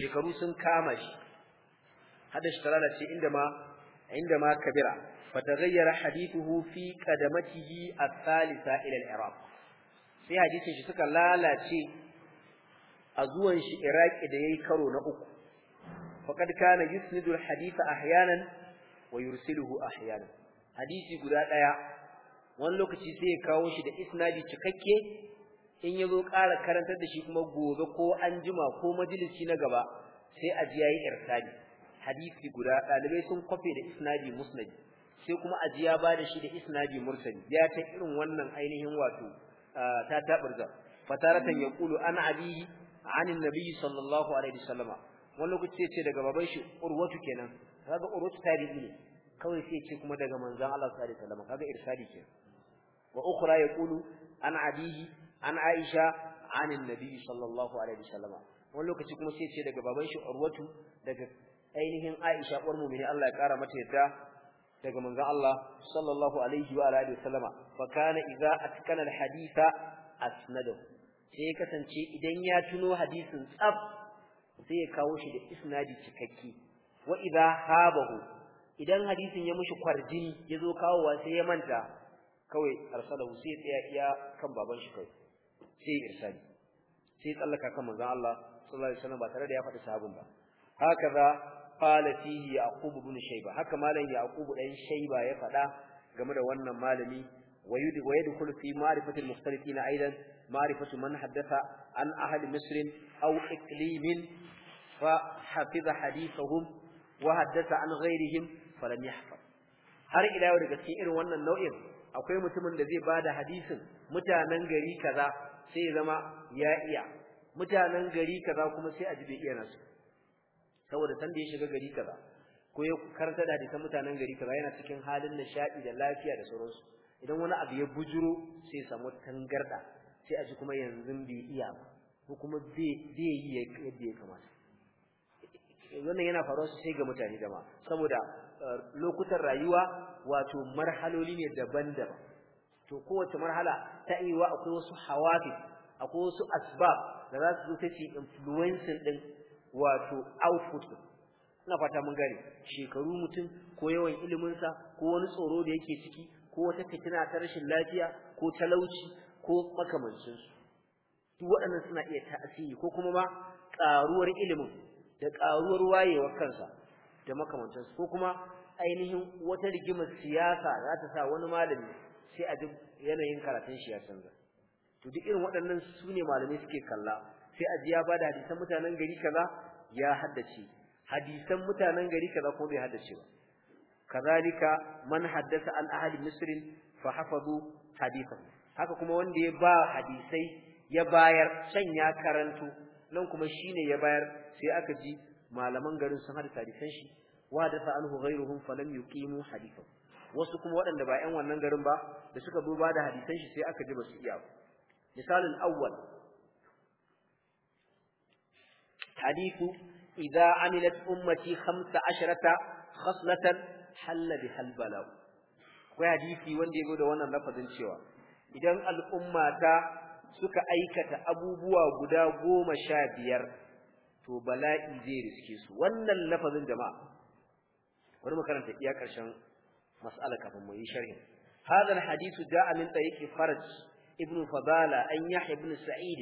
shekaru sun kama shi hada shi tarala ce inda ma inda ma kabira fataghayyara hadithuhu fi qadamatihi ath-thalitha ila al-iraq sai hadisin shi suka lalace a zuwan shi iraki da yayi karo na uku faqad kana yusnidu al-haditha ahyanan wa yursiluhu ahyanan hadisi guda daya wani lokaci sai ya kawo shi da isnadi cikakke in ya zo ƙara karantar da shi kuma gobe ko an jima ko majalisi na gaba sai a ji irsali hadisi guda ɗalibai sun kofe da isnadi musnad sai kuma a ji ya ba da shi da isnadi mursal ya ta irin wannan ainihin wato ta taɓarza fataratan ya ana an abihi anin nabi sallallahu alaihi wasallama wannan ku ce ce daga baban shi urwatu kenan kaga urwatu tabi'i ne kawai sai ce kuma daga manzon Allah sallallahu alaihi wasallama kaga irsali ke. wa ukhra yaqulu an abihi an Aisha anin Nabi sallallahu alaihi wasallam wani lokaci kuma sai ce daga baban shi Urwatu daga ainihin Aisha uwar mu'mini Allah ya kara mata yadda daga manzon Allah sallallahu alaihi wa alihi wasallama fa kana idza atkana alhaditha asnadu sai ya kasance idan ya tuno hadisin tsaf sai ya kawo shi da isnadi cikakke wa idza habahu idan hadisin ya mushi kwarjini yazo kawowa sai ya manta kawai arsalahu sai ya tsaya iya kan baban shi kai sai irsali sai tsallaka kan manzon Allah sallallahu alaihi wasallam ba tare da ya faɗi sahabin ba Haka hakaza qala fihi yaqub ibn shayba haka malam yaqub dan shayba ya faɗa game da wannan malami ويدخل ويدخل في معرفة المختلفين أيضا معرفة من حدث عن أهل مصر أو إقليم فحفظ حديثهم وحدث عن غيرهم فلم يحفظ har ila yau daga cikin irin wannan nau'in akwai mutumin da zai bada hadisin mutanen gari kaza sai ya zama ya iya mutanen gari kaza kuma sai a ji bai iya nasu saboda san da ya shiga gari kaza ko ya karanta da hadisan mutanen gari kaza yana cikin halin nishadi da lafiya da sauransu idan wani abu ya bujuro sai samu tangarda sai a ji kuma yanzu bai iya ba ko kuma bai yi yadda ya kamata wannan yana faruwa sai ga mutane jama'a saboda eh, lokutan rayuwa wato marhaloli ne daban-daban to kowace marhala ta wa akwai wasu hawafi akwai wasu asbab da za su zo ta ce influencing din wato output ina fata mun gane shekaru mutum ko yawan iliminsa ko wani tsoro da yake ciki ko wata fitina ta rashin lafiya ko talauci ko makamancinsu duk waɗannan suna iya tasiri ko kuma ma ƙaruwar ilimin da ƙaruwar wayewar kansa da makamancinsu ko kuma ainihin wata rigimar siyasa za ta sa wani malami sai a yanayin karatun shi ya canza to duk irin waɗannan su ne malamai suke kalla sai a ji ya bada hadisan mutanen gari kaza ya haddace hadisan mutanen gari kaza ko bai haddace ba kazalika man haddasa an ahli misr fa hafadu hadithan haka kuma wanda ya ba hadisai ya bayar can ya karanto nan kuma shine ya bayar sai aka ji malaman garin sun hadda hadisan shi wa da anhu ghayruhum falam yuqimu hadithan wasu kuma waɗanda ba ƴan wannan garin ba da suka duba da hadisan shi sai aka ji ba su iya ba misalin awwal hadithu idza amilat ummati 15 khaslatan halla bi halbala akwai hadisi wanda ya da wannan lafazin cewa idan al'umma ta suka aikata abubuwa guda goma sha biyar to bala'i zai riske su wannan lafazin jama'a bari mu karanta iya karshen. mas'ala kafin mu yi sharhi hadha alhadith da'a min tariqi farj ibn fadala an yahya ibn sa'id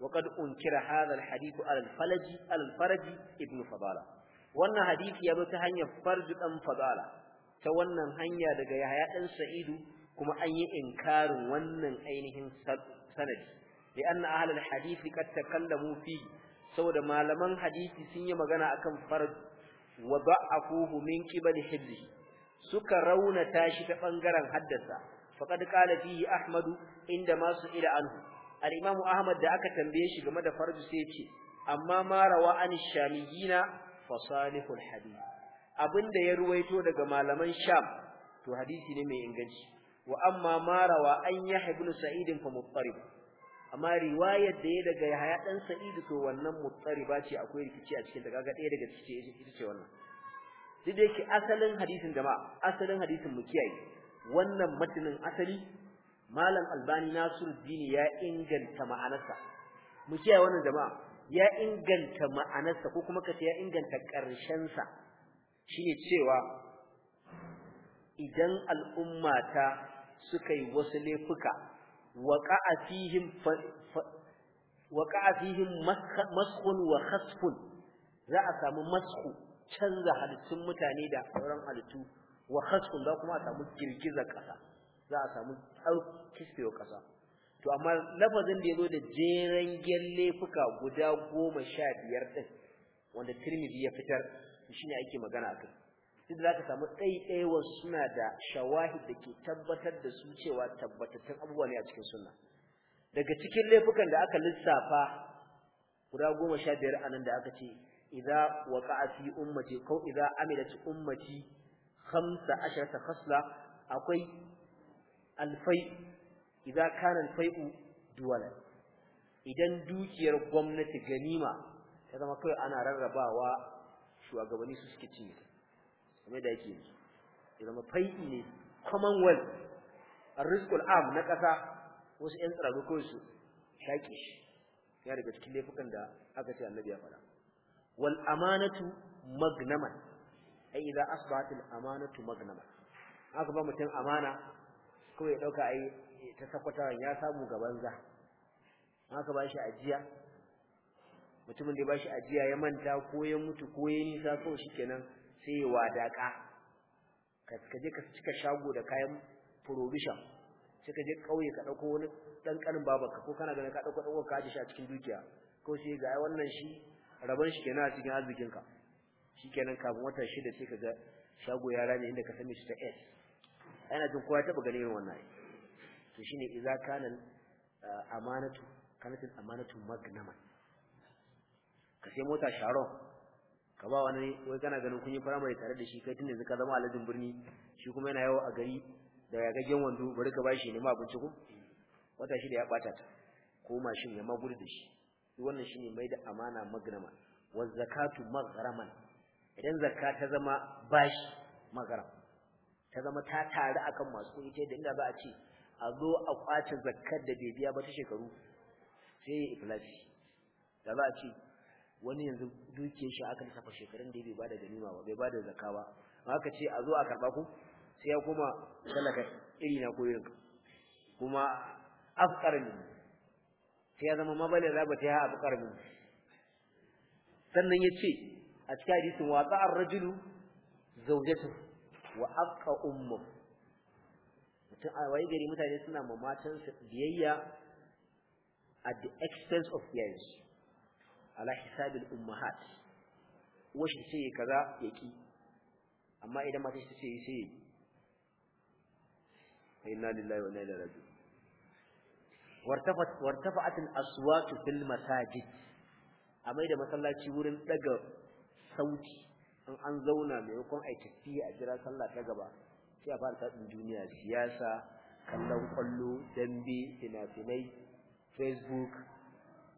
wa qad unkira hadha alhadith ala alfalaj ala alfarj ibn fadala wannan hadisi ya bi ta hanyar farj dan fadala ta wannan hanya daga yahya dan sa'id kuma an yi inkarin wannan ainihin sanadi anna ahlul hadisi qad takallamu fi saboda malaman hadisi sun yi magana akan farj wa da'afuhu min qibali hibbihi suka rauna tashi ta bangaren haddasa faqad qala fihi ahmad inda ma su ila anhu al-imam ahmad da aka tambaye shi game da farju sai ya ce amma ma rawa an shamiyina fa salihul hadith abinda ya ruwaito daga malaman sham to hadisi ne mai inganci wa amma ma rawa an yahya ibn sa'id fa muttarib amma riwayar da ya daga yahya dan sa'id to wannan muttariba ce akwai rikici a cikin ta kaga daya daga cikin ita ce wannan sai dai yake asalin hadisin jama'a asalin hadisin mu kiyaye wannan matanin asali malam albani nasiruddin ya inganta ma'anarsa mu kiyaye wannan jama'a ya inganta ma'anarsa ko kuma kace ya inganta karshen sa shine cewa idan al'ummata suka yi wasu laifuka waqa'a fihim waqa'a fihim maskhun wa khasfun za a samu masku canza halittun mutane da sauran halittu wa khasqun za kuma a samu girgizar ƙasa za a samu tsarkisfewa ƙasa to amma lafazin da yazo da jeren fuka guda goma sha biyar ɗin wanda Tirmidhi ya fitar shine ake magana akai sai da zaka samu ɗaiɗaiwar suna da shawahid da ke tabbatar da su cewa tabbatattun abubuwa ne a cikin sunna daga cikin laifukan da aka lissafa guda goma sha biyar a da aka ce idza waqa'a fi ummati ko idza amilat ummati 15 khasla akwai alfai idza kana alfai'u duwala idan dukiyar gwamnati ganima ya zama kai ana rarrabawa shugabanni su suke cinye kamar da yake yanzu ya zama fai'i ne commonwealth arrizqul am na kasa wasu yan tsiraru kawai su shaƙi shi ya daga cikin laifukan da aka ce annabi ya faɗa wal amanatu magnaman ai idza asbahat amanatu magnaman aka ba mutum amana kawai ya dauka ai ta sakwatawan ya samu gaban za aka ba shi ajiya mutumin da ya ba shi ajiya ya manta ko ya mutu ko ya nisa shi kenan sai ya wadaka ka kaje ka cika shago da kayan provision sai ka je kauye ka dauko wani dan kanin babanka ko kana ganin ka dauko dauko ka shi a cikin dukiya ko sai ga wannan shi rabon shi kenan a cikin arzikin ka kenan kafin wata shida sai ga shago ya rame inda ka san shi ta S ana jin kowa taba ganin wannan to shine idza kana eh, amanatu kanatin amanatu magnama ka sai mota sharon ka ba wani wai kana ganin kun yi primary tare da shi kai tun yanzu ka zama aladin birni shi kuma yana yawo a gari da ya yagaggen wando bari ka bashi ne ma abinci ku wata shida ya bata ta ko mashin ya ma da shi wannan shine mai da amana magrama wa zakatu maghraman idan zakka ta zama bashi maghram ta zama ta tare akan masu kuɗi ta yadda inda za a ce a zo a kwace zakkar da bai biya ba ta shekaru sai ya iflasi da za a ce wani yanzu dukiyar shi aka lissafa shekarun da bai bada ganima ba bai bada zakka ba haka ce a zo a karba ku sai ya koma talaka iri na kuma afkar ne sai ya zama mabalin raba ta ya abu karmi sannan ya ce a cikin hadisin wa an rajulu zaujatu wa aka ummu mutum a waye gari mutane suna ma biyayya at the expense of theirs ala hisabil ummahat washi sai kaza yaki amma idan mata shi sai sai inna lillahi wa inna ilaihi wartafat wartafa'at al-aswat fil masajid a mai da masallaci wurin daga sauti in an zauna maimakon ai tafiya a jira sallah ta gaba sai a fara tsadin duniya siyasa kallon kwallo dambe fina-finai facebook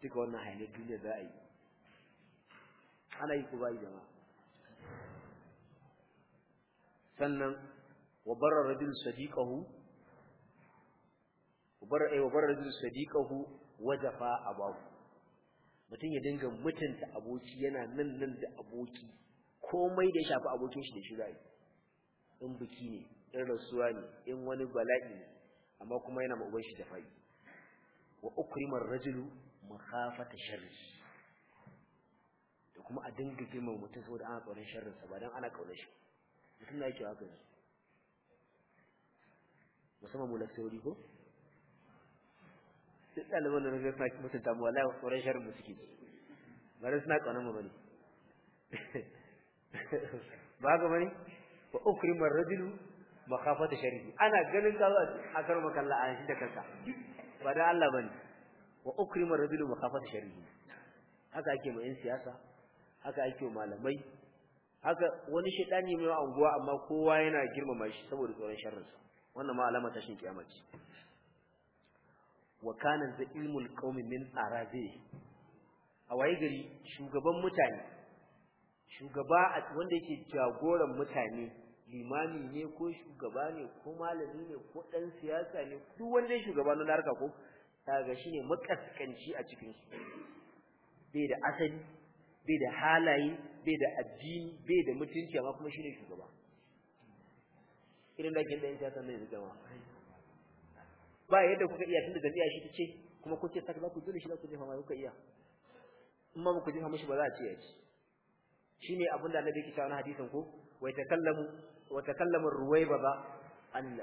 duka wannan hayanin duniya za a yi ana yi ku jama'a sannan wa barra rajul sadiqahu bar eh, wa barra barrajul sadiqahu wajafa abahu mutun ya dinga mutunta aboki yana nan nan da aboki komai da ya shafi abokin shi da shi zai in biki ne in rasuwa ne in wani bala'i ne amma kuma yana ma shi da fa'i wa ukrimar rajulu mukhafata sharri da kuma a dinga gima mutum saboda ana tsoron sharrin sa ba dan ana kaunar shi mutum na yake haka ne musamman mu lafiya ko duk ɗaliban da naga suna mutunta mu wallahi tsoron sharrin mu suke ba dan suna ƙaunar mu bane ba ga bane wa ukrimu ar-rajulu makhafata sharri ana ganin ka zo a kar makalla a shi da kanka ba dan Allah bane wa ukrimu ar-rajulu makhafata sharri haka ake mu 'yan siyasa haka ake ma malamai haka wani shedani mai anguwa amma kowa yana girmama shi saboda tsoron sharrinsa wannan ma alama ta shin kiyama ce wa kana da ilmul qaumi min arabi a waye gari shugaban mutane shugaba wanda yake jagoran mutane limami ne ko shugaba ne ko malami ne ko dan siyasa ne duk wanda shugaba na larka ko kaga shine makaskanci a cikin su bai da asali bai da halaye bai da addini bai da mutunci amma kuma shine shugaba irin da kin da yin siyasa ne jama'a ba yadda kuka iya tunda jami'a shi tace kuma kuke saka za ku dole shi za ku jefa ma kuka iya in ma muku jefa mishi ba za a ce ya ci shine abin da Annabi yake cewa na hadisin ko wa takallamu, wa takallamu ruwayba ba an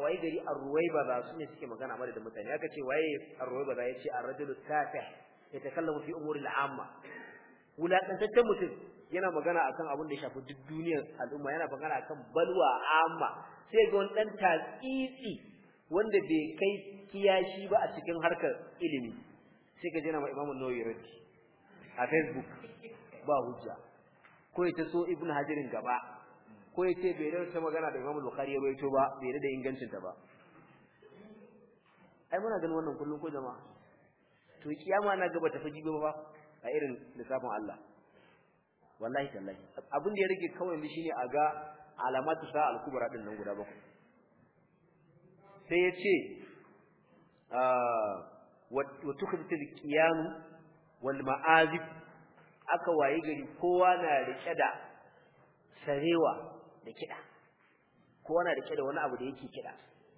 wai gari ruwayba ba sune suke magana madadin mutane aka ce waye ruwayba ba yace ar-rajulu safih yatakallamu fi umuri al-amma wulakantaccen mutum yana magana akan abin da ya shafi duk duniyar al'umma yana magana akan balwa amma sai ga wani ɗan tatsitsi wanda bai kai kiyashi ba a cikin harkar ilimi sai ka jira ma Imam Nawawi raddi a Facebook ba hujja ko ya so Ibn Hajirin gaba ko ya ce bai rarta magana da Imam Bukhari ya baito ba bai da ingancin ta ba ai muna ganin wannan kullun ko jama'a to kiyama na gaba ta faji ba a irin lissafin Allah wallahi tallahi abin da ya rage kawai shine a ga alamatu sa al-kubra din nan guda bakwai sai ya ce ah, wa tukhditul qiyam wal ma'azib aka waye gari kowa na rike da sarewa da kida kowa na rike da wani abu da yake kida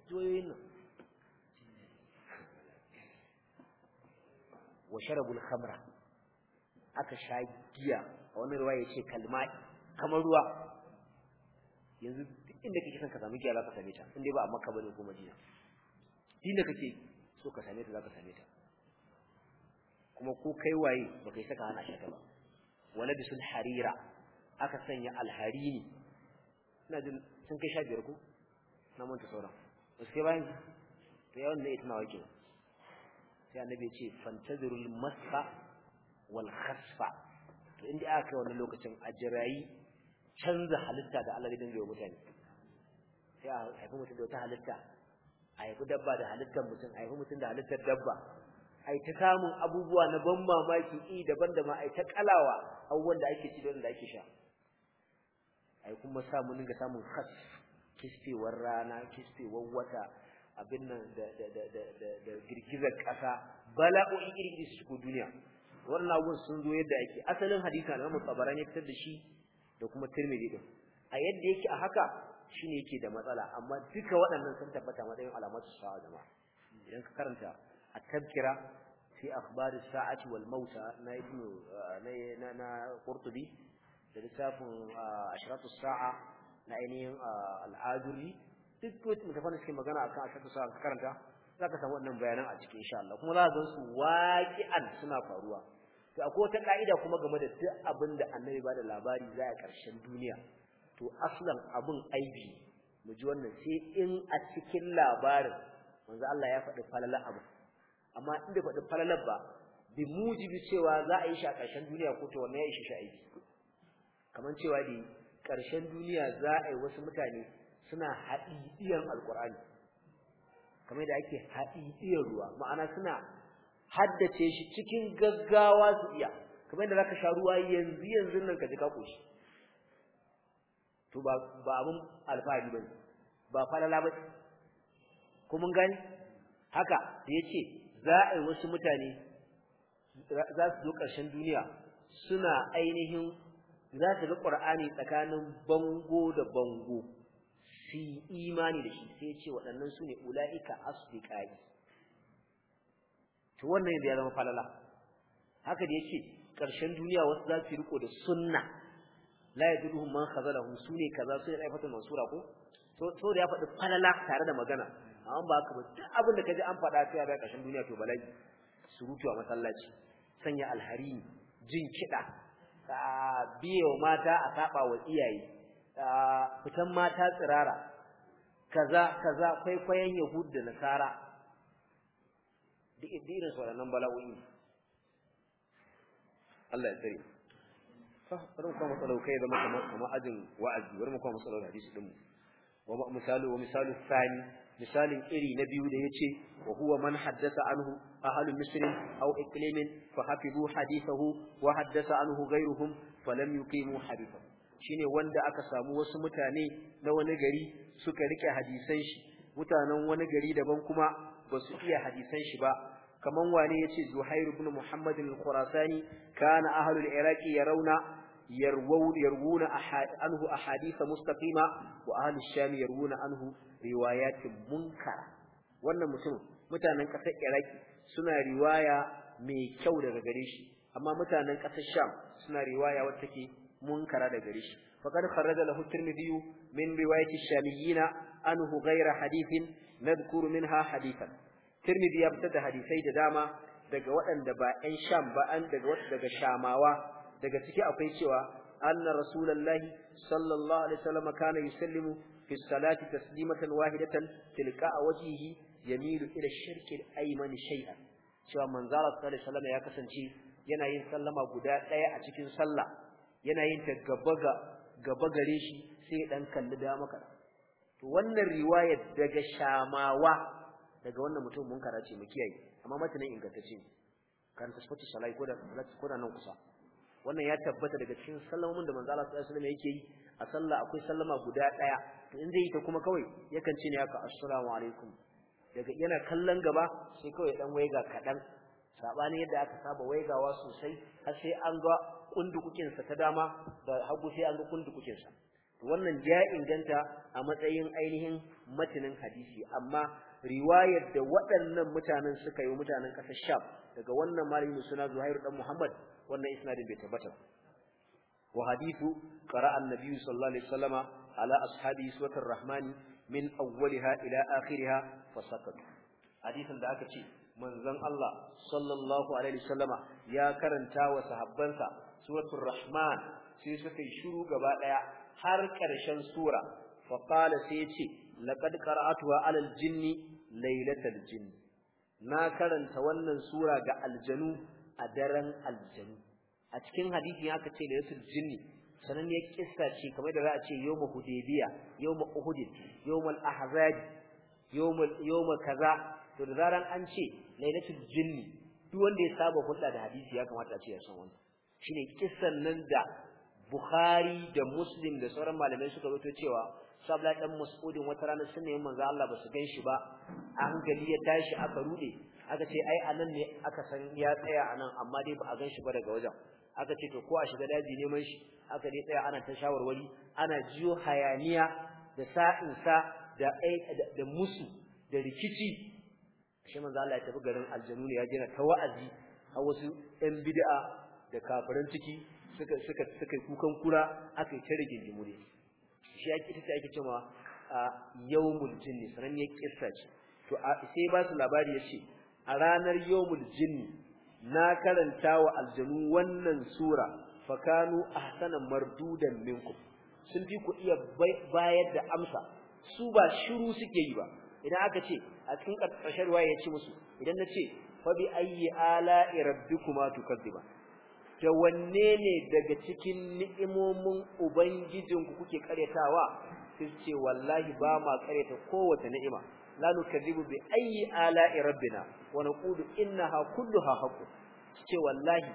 joyoyin nan wa sharabul khamra aka sha giya a wani ruwa ce kalmai kamar ruwa yanzu inda kake san ka samu giya zaka same ta in dai ba a Makka bane ko Madina inda kake so ka same ta zaka same ta kuma ko kai waye ba kai saka hana shaka ba wala bisul harira aka sanya harini ina jin sun kai sha biyar ko na manta sauran wasu kai bayan to yawan da ita nawa ke sai annabi ya ce fantazirul masfa wal khasfa to inda aka kai wannan lokacin ajirayi canza halitta da Allah ya dinga yi mutane sai a haifi mutum da wata halitta a haifi dabba da halittar mutum a haifi mutum da halittar dabba a ta samun abubuwa na ban mamaki i daban da ma a ta kalawa abubuwan da ake ci da wanda ake sha a kuma sa mun samun khas kispewar rana kispewar wata abin nan da da da da da, da girgizar kasa bala'o'i iri su ko duniya wannan abun sun zo yadda ake asalin hadisi na Imam ya fitar da shi da kuma Tirmidhi din a yadda yake a haka shine yake da matsala amma duka waɗannan sun tabbata matsayin alamatu sa'a jama'a idan ka karanta a tafkira fi akhbar as-sa'ati wal mauta na ibn na na qurtubi da littafin ashratu sa'a na ainihin al-ajuri duk mutafan suke magana akan ashratu sa'a ka karanta ka samu wannan bayanan a cikin insha Allah kuma za ka gansu waqi'an suna faruwa to akwai wata ka'ida kuma game da duk abin da annabi ba da labari za a ƙarshen duniya to aslan abun aibi mu ji wannan sai in a cikin labarin manzo Allah ya faɗi falala abu amma in da faɗi falalar ba bi mujibi cewa za a yi shi a ƙarshen duniya ko to wannan ya ishe shi aiki. kamar cewa da ƙarshen duniya za a yi wasu mutane suna haɗiɗiyar alƙur'ani kamar da ake haɗiɗiyar ruwa ma'ana suna haddace shi cikin gaggawa su iya kamar yadda zaka sha ruwa yanzu yanzu nan ka ji ka koshi to ba ba abun alfahari bane ba falala bane ko mun gani haka yace za a yi wasu mutane za su zo ƙarshen duniya suna ainihin za su ga Qur'ani tsakanin bango da bango su imani da shi sai ce waɗannan su ne ula'ika asdiqai to wannan ya zama falala haka da yake ƙarshen duniya wasu za su riko da sunna la yaduduhum man khazalahu sune kaza sai ya aifata mansura ko to to da ya faɗi falala tare da magana amma ba ka ba duk abin da kaje an fada kai a kashin duniya to bala'i surutu a masallaci sanya alhari jin kiɗa biyo mata a saba wa iyaye fitan mata tsirara kaza kaza kwayen yahud da nasara duk irin su bala'o'i Allah ya tsare wani kuma matsalau kai zama kamar ajin wa'azi wani kuma matsalau hadisi din mu wa misalu wa misalu misalin iri na biyu da yace wa huwa man haddasa anhu ahlu misr aw iqlim fa hafizu hadithahu wa haddasa anhu ghayruhum falam yuqimu hadithahu shine wanda aka samu wasu mutane na wani gari suka rike hadisan shi mutanen wani gari daban kuma ba su iya hadisan shi ba kaman wane yace Zuhair ibn Muhammad al-Khurasani kana ahlul Iraq yarawna يروون يروون أحاد عنه أحاديث مستقيمة وأهل الشام يروون عنه روايات munkara. Wannan متن mutanen كسر إليك suna riwaya mai kyau daga gare shi amma mutanen ƙasar Sham suna riwaya wacce take munkara daga gare shi faqad kharaja lahu tirmidhi min riwayati shamiyina anhu ghayra hadithin nadhkuru minha hadithan Tirmidhi ya fitar da hadisai da dama daga waɗanda ba ɗan Sham ba an daga daga Shamawa daga ciki akwai cewa anna rasulullahi sallallahu alaihi wasallam kana yusallimu fi salati taslimatan wahidatan tilka wajhihi yamilu ila shirki al-ayman shay'an cewa manzara sallallahu alaihi ya kasance yana yin sallama guda ɗaya a cikin sallah yana yin ta gaba ga gaba gare shi sai dan kalli da maka to wannan riwayar daga Shamawa daga wannan mutum munkara ce mu kiyaye amma matanin ingantacce kan tasfatu salai ko da ko da nan kusa wannan ya tabbata daga cikin sallamomin da manzo Allah sallallahu alaihi wasallam yake yi a sallah akwai sallama guda daya to in zai yi ta kuma kawai yakan ce ne haka assalamu alaikum daga yana kallon gaba sai kawai dan waiga kadan sabanin yadda aka saba waigawa sosai har sai an ga kundukukin sa ta dama da hagu sai an ga kundukukin sa wannan ya inganta a matsayin ainihin matinin hadisi amma riwayar da waɗannan mutanen suka yi mutanen ƙasar Sham daga wannan malami suna Zuhair dan Muhammad wannan isnadin bai tabbata wa hadithu qara'a Annabi sallallahu alaihi wasallama ala ashabi suwatar rahmani min awwaliha ila akhiriha fa hadithin da aka ce manzon Allah sallallahu alaihi wasallama ya karanta wa sahabbansa suratul rahman sai suka yi shiru gaba daya har ƙarshen sura fa sai ya ce laqad qara'atuha 'ala al-jinni lailatul jin na karanta wannan sura ga aljanu a daren aljanu a cikin hadisi aka ce lailatul jinni sanan ya kissa ce kamar da za a ce yawma hudaybiya yawma uhud al ahzab yawma kaza to da zaran an ce lailatul jinni duk wanda ya saba hulɗa da hadisi ya kamata a ce ya san wannan shine kissan nan da Bukhari da Muslim da sauran malamai suka rawaito cewa sabla dan musudin wata rana sun ne manzo Allah ba su ganshi ba a hankali ya tashi aka rude aka ce ai anan ne aka san ya tsaya anan amma dai ba a ganshi ba daga wajen aka ce to ko a shiga daji neman shi aka dai tsaya ana ta shawarwari ana jiyo hayaniya da sa da da musu da rikici shi manzo Allah ya tafi garin aljannu ya jira ta wa'azi a wasu ɗan bid'a da kafiran ciki suka suka suka kukan kura aka yi ta rigingimu ne shi yake ita yake cewa yawmul jinni sanan ya kissa ce to sai ba su labari yace a ranar yawmul jinni na karanta wa aljanu wannan sura kanu ahsana mardudan minkum sun fi ku iya bayar da amsa su ba shiru suke yi ba idan aka ce a cikin ƙarshen ruwa ya ce musu idan na ce fa bi ayyi ala'i rabbikuma tukazziba da wanne ne daga cikin ni'imomin ubangijinku kuke karyatawa sai ce wallahi ba ma karyata kowace ni'ima la nukadibu bi ayyi ala'i rabbina wa naqulu innaha kulluha haqq ce wallahi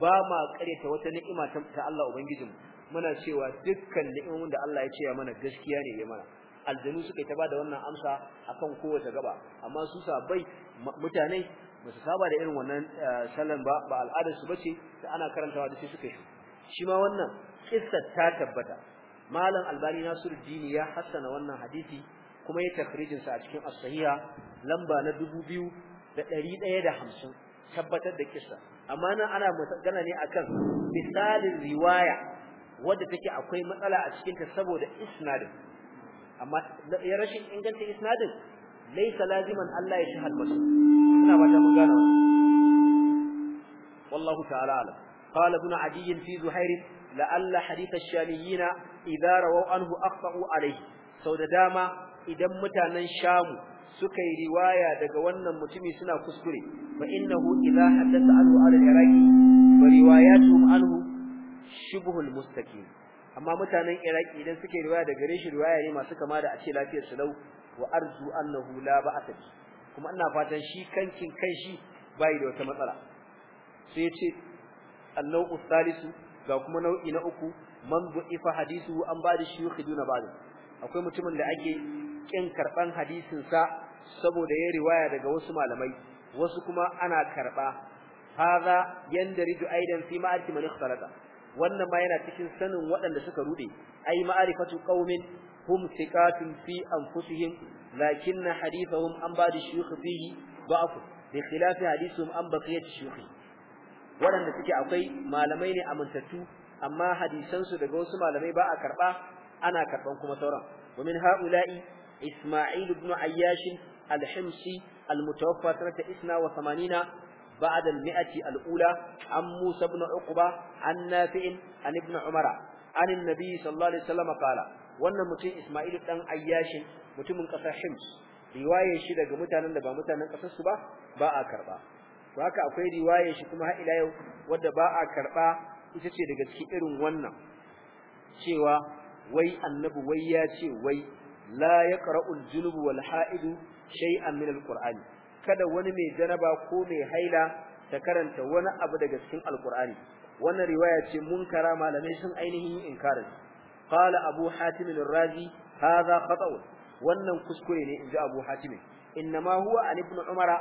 ba ma karyata wata ni'ima ta Allah ubangijinmu muna cewa dukkan ni'imomin da Allah ya ce mana gaskiya ne ya mana aljanu suka ta bada wannan amsa akan kowace gaba amma su sabai mutane ba su saba da irin wannan eh, sallan ba ba al'adar su bace da ana karantawa da sai suka shi shi ma wannan kissa ta tabbata malam albani Dini ya hassana wannan hadisi kuma ya tafrijin sa a cikin as-sahiha lamba na 2150 tabbatar da kissa amma nan ana magana ne akan misalin riwaya wadda take akwai matsala a cikin ta saboda isnadin amma ya rashin inganta isnadin Laisa laziman Allah ya shahal wasu ina ba mun gane wallahu ta'ala alam qala ibn adi fi zuhair la alla hadith ash-shamiyyin idza rawu anhu aqta'u sau da dama idan mutanen shamu suka yi riwaya daga wannan mutumi suna kuskure fa innahu idza haddatha anhu al-iraqi wa riwayatuhum anhu shibhul mustaqim amma mutanen iraki idan suke riwaya daga gare riwaya ne masu kama da aciye lafiyar su lau wa arju annahu la ba'ata kuma ina fatan shi kankin kai shi bai da wata matsala sai ya ce annau salisu ga kuma nau'i na uku man bu'ifa hadisu an ba da shi ba ba'd akwai mutumin da ake kin karban hadisin sa saboda ya riwaya daga wasu malamai wasu kuma ana karba hadha yandariju aidan fi ma'arif man ikhtalata wannan ma yana cikin sanin waɗanda suka rude ai ma'arifatu qaumin hum thiqatun fi anfusihim lakinna hadithahum an ba da shuyukh fihi ba'fu bi khilafi hadithum an baqiyat shuyukh wadanda suke akwai malamai ne amintattu amma hadisansu daga wasu malamai ba a karba ana karban kuma sauran wa min haula'i isma'il ibn ayyash al-himsi al-mutawaffa sanata 82 بعد المئة الأولى عن موسى بن عقبة عن an عن ابن عمر عن النبي صلى الله عليه وسلم قال wannan mutum Isma'il dan Ayyashin mutumin kasar Hims riwayar shi daga mutanen da ba mutanen kasar su ba ba a karba to haka akwai riwayar shi kuma har ila yau wanda ba a karba ita ce daga cikin irin wannan cewa wai annabi wai ya ce wai la yaqra'u al-junub wal ha'id shay'an min al-qur'ani kada wani mai janaba ko mai haila ta karanta wani abu daga cikin al-qur'ani wannan riwaya ce munkara malamai sun ainihin inkarin qala abu hatim ar-razi hadha wannan kuskure ne inji abu hatim innama huwa an ibn umara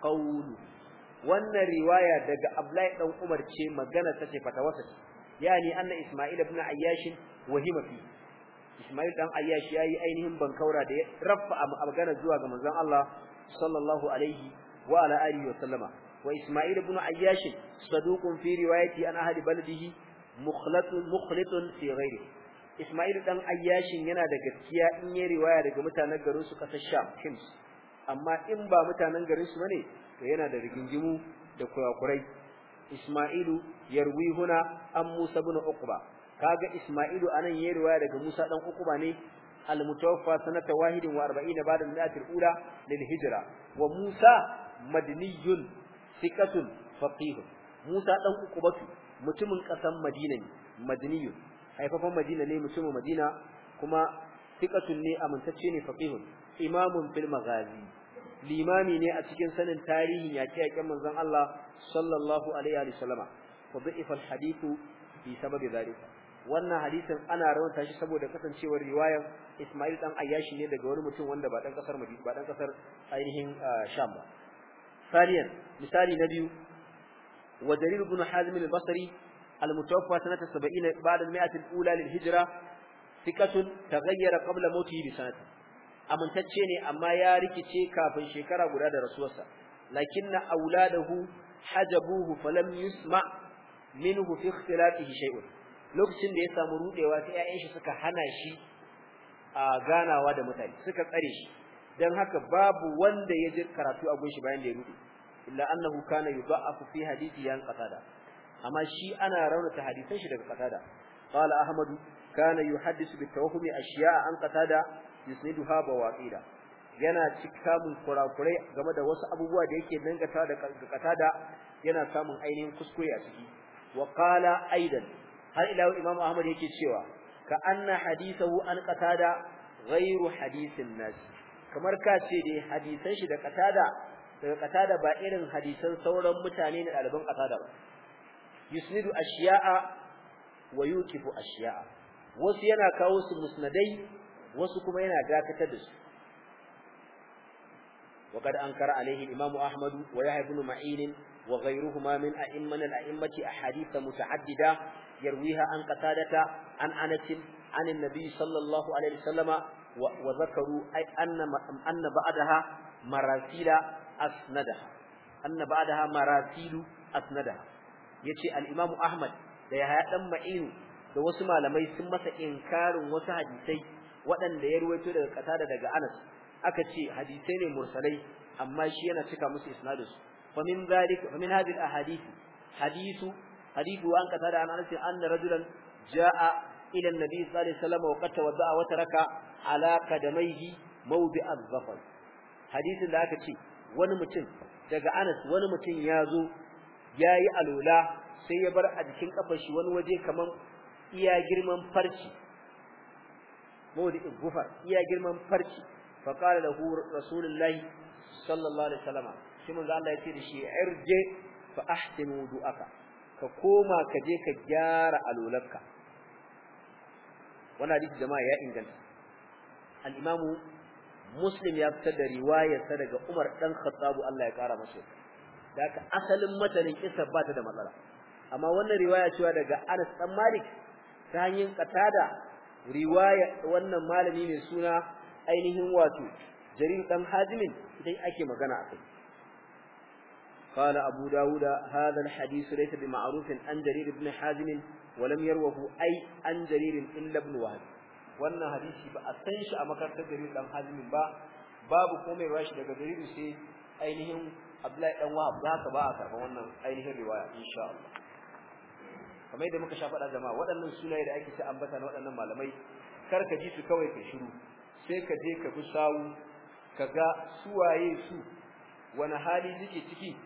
qawlu wannan riwaya daga abdullahi dan umar ce magana ta ce fatawarsa ce yani anna isma'il ibn ayyash wahima fi isma'il dan ayyash yayi ainihin bankaura da raffa a magana zuwa ga manzon Allah sallallahu alaihi wa ala alihi wa sallama wa isma'il ibn ayyash saduqun fi riwayati an fi Ismail dan Ayyashin yana da gaskiya in yayi riwaya daga mutanen garin su kasar Sham Kims amma in ba mutanen garin su bane to yana da rigingimu da kurakurai Ismail yarwi huna an Musa ibn Uqba kaga Ismail anan yayi riwaya daga Musa dan Uqba ne al-mutawaffa sanata 41 ba'da al-mi'atil ula lil hijra wa Musa madniyun thiqatun faqih Musa dan Uqba mutumin kasar Madina ne madniyun haifafan madina ne mutumin madina kuma thiqatun ne amintacce ne faqihun imamun fil maghazi limami ne a cikin sanin tarihin yaƙe yaƙen manzon Allah sallallahu alaihi wa sallama fa dha'ifa hadithu bi sababi zalika wannan hadisin ana rawanta shi saboda kasancewar riwayar Ismail dan Ayyashi ne daga wani mutum wanda ba dan kasar Madina ba dan kasar ainihin ah, Sham ba misali na biyu wa Jarir ibn Hazim al-Basri المتوفى سنة سبعين بعد المائة الأولى للهجرة ثقة تغير قبل موته بسنة أمنتشيني أما يارك تيكا فنشيكرا قراد رسولسا لكن أولاده حجبوه فلم يسمع منه في اختلاقه شيء lokacin da ya samu ruɗewa ta 'ya'yan shi suka hana shi a ganawa da mutane suka tsare shi dan haka babu wanda ya ji karatu a shi bayan da ya rude illa annahu kana yudha'afu fi hadithi yan qatada amma shi ana raunata hadisan shi daga qatada qala ahmad kana yuhaddisu bi tawhumi ashiya an qatada yusniduha bawaqida yana cikamun kurakurai game da wasu abubuwa da yake dangata da qatada yana samun ainihin kuskure a ciki wa qala aidan har ila imam ahmad yake cewa ka anna hadithahu an qatada rairu hadithin nas kamar ka ce dai hadisan shi da qatada daga qatada ba irin hadisan sauran mutane ne ɗaliban qatada ba yusnidu ashiya'a wa a ashiya'a wasu yana kawo su musnadai wasu kuma yana dakatar da su wa kad ankara alaihi imamu ahmadu wa yahya ibn ma'in wa ghayruhuma min a'imman al-a'immati ahadith mutaaddida yarwiha an qatadata an anas an nabi sallallahu alaihi wasallam wa zakaru ay anna anna ba'daha marasila asnadaha anna ba'daha marasilu asnadaha yace al-Imam Ahmad da Yahya dan Ma'inu da wasu malamai sun masa inkarin wasu hadisai waɗanda ya ruwaito daga Qatada daga Anas aka ce hadisai ne mursalai amma shi yana cika musu isnadus fa min zalika fa min hadhihi al-ahadith hadithu hadithu an Qatada an Anas anna rajulan jaa ila an-nabi sallallahu alaihi wasallam wa qad tawadda'a wa taraka ala qadamayhi mawdi'a adh-dhafar hadisin da aka ce wani mutum daga Anas wani mutum ya zo yayi alola sai ya bar a jikin kafar shi wani waje kaman iya girman farci mawdi'in gufar iya girman farci fa qala lahu rasulullahi sallallahu alaihi wasallam shi manzo Allah ya ce da shi irje fa mudu aka. ka koma ka je ka gyara alolarka wannan hadisi jama'a ya inganta al-imamu muslim ya fitar da riwayar sa daga Umar dan Khattab Allah ya kara masa da asalin matanin kissa ba ta da matsala amma wannan riwaya cewa daga Anas dan Malik ta hanyar katada riwaya wannan malami ne suna ainihin wato Jarir dan Hazimin idan ake magana akai قال hada داود هذا الحديث ليس بمعروف عن جرير بن حازم ولم يروه أي عن جرير إلا ابن وهب wannan hadisi ba a san shi a makarantar jarir dan hazimin ba babu komai rashi daga jarir sai ainihin Abdullahi dan Wahab za ka ba a karban wannan ainihin riwaya insha Allah kamar yadda muka sha faɗa jama'a waɗannan sunaye da ake ta ambata na waɗannan malamai kar ka ji su kawai ka shiru sai ka je ka bi sawu ka ga suwaye su wani hali suke ciki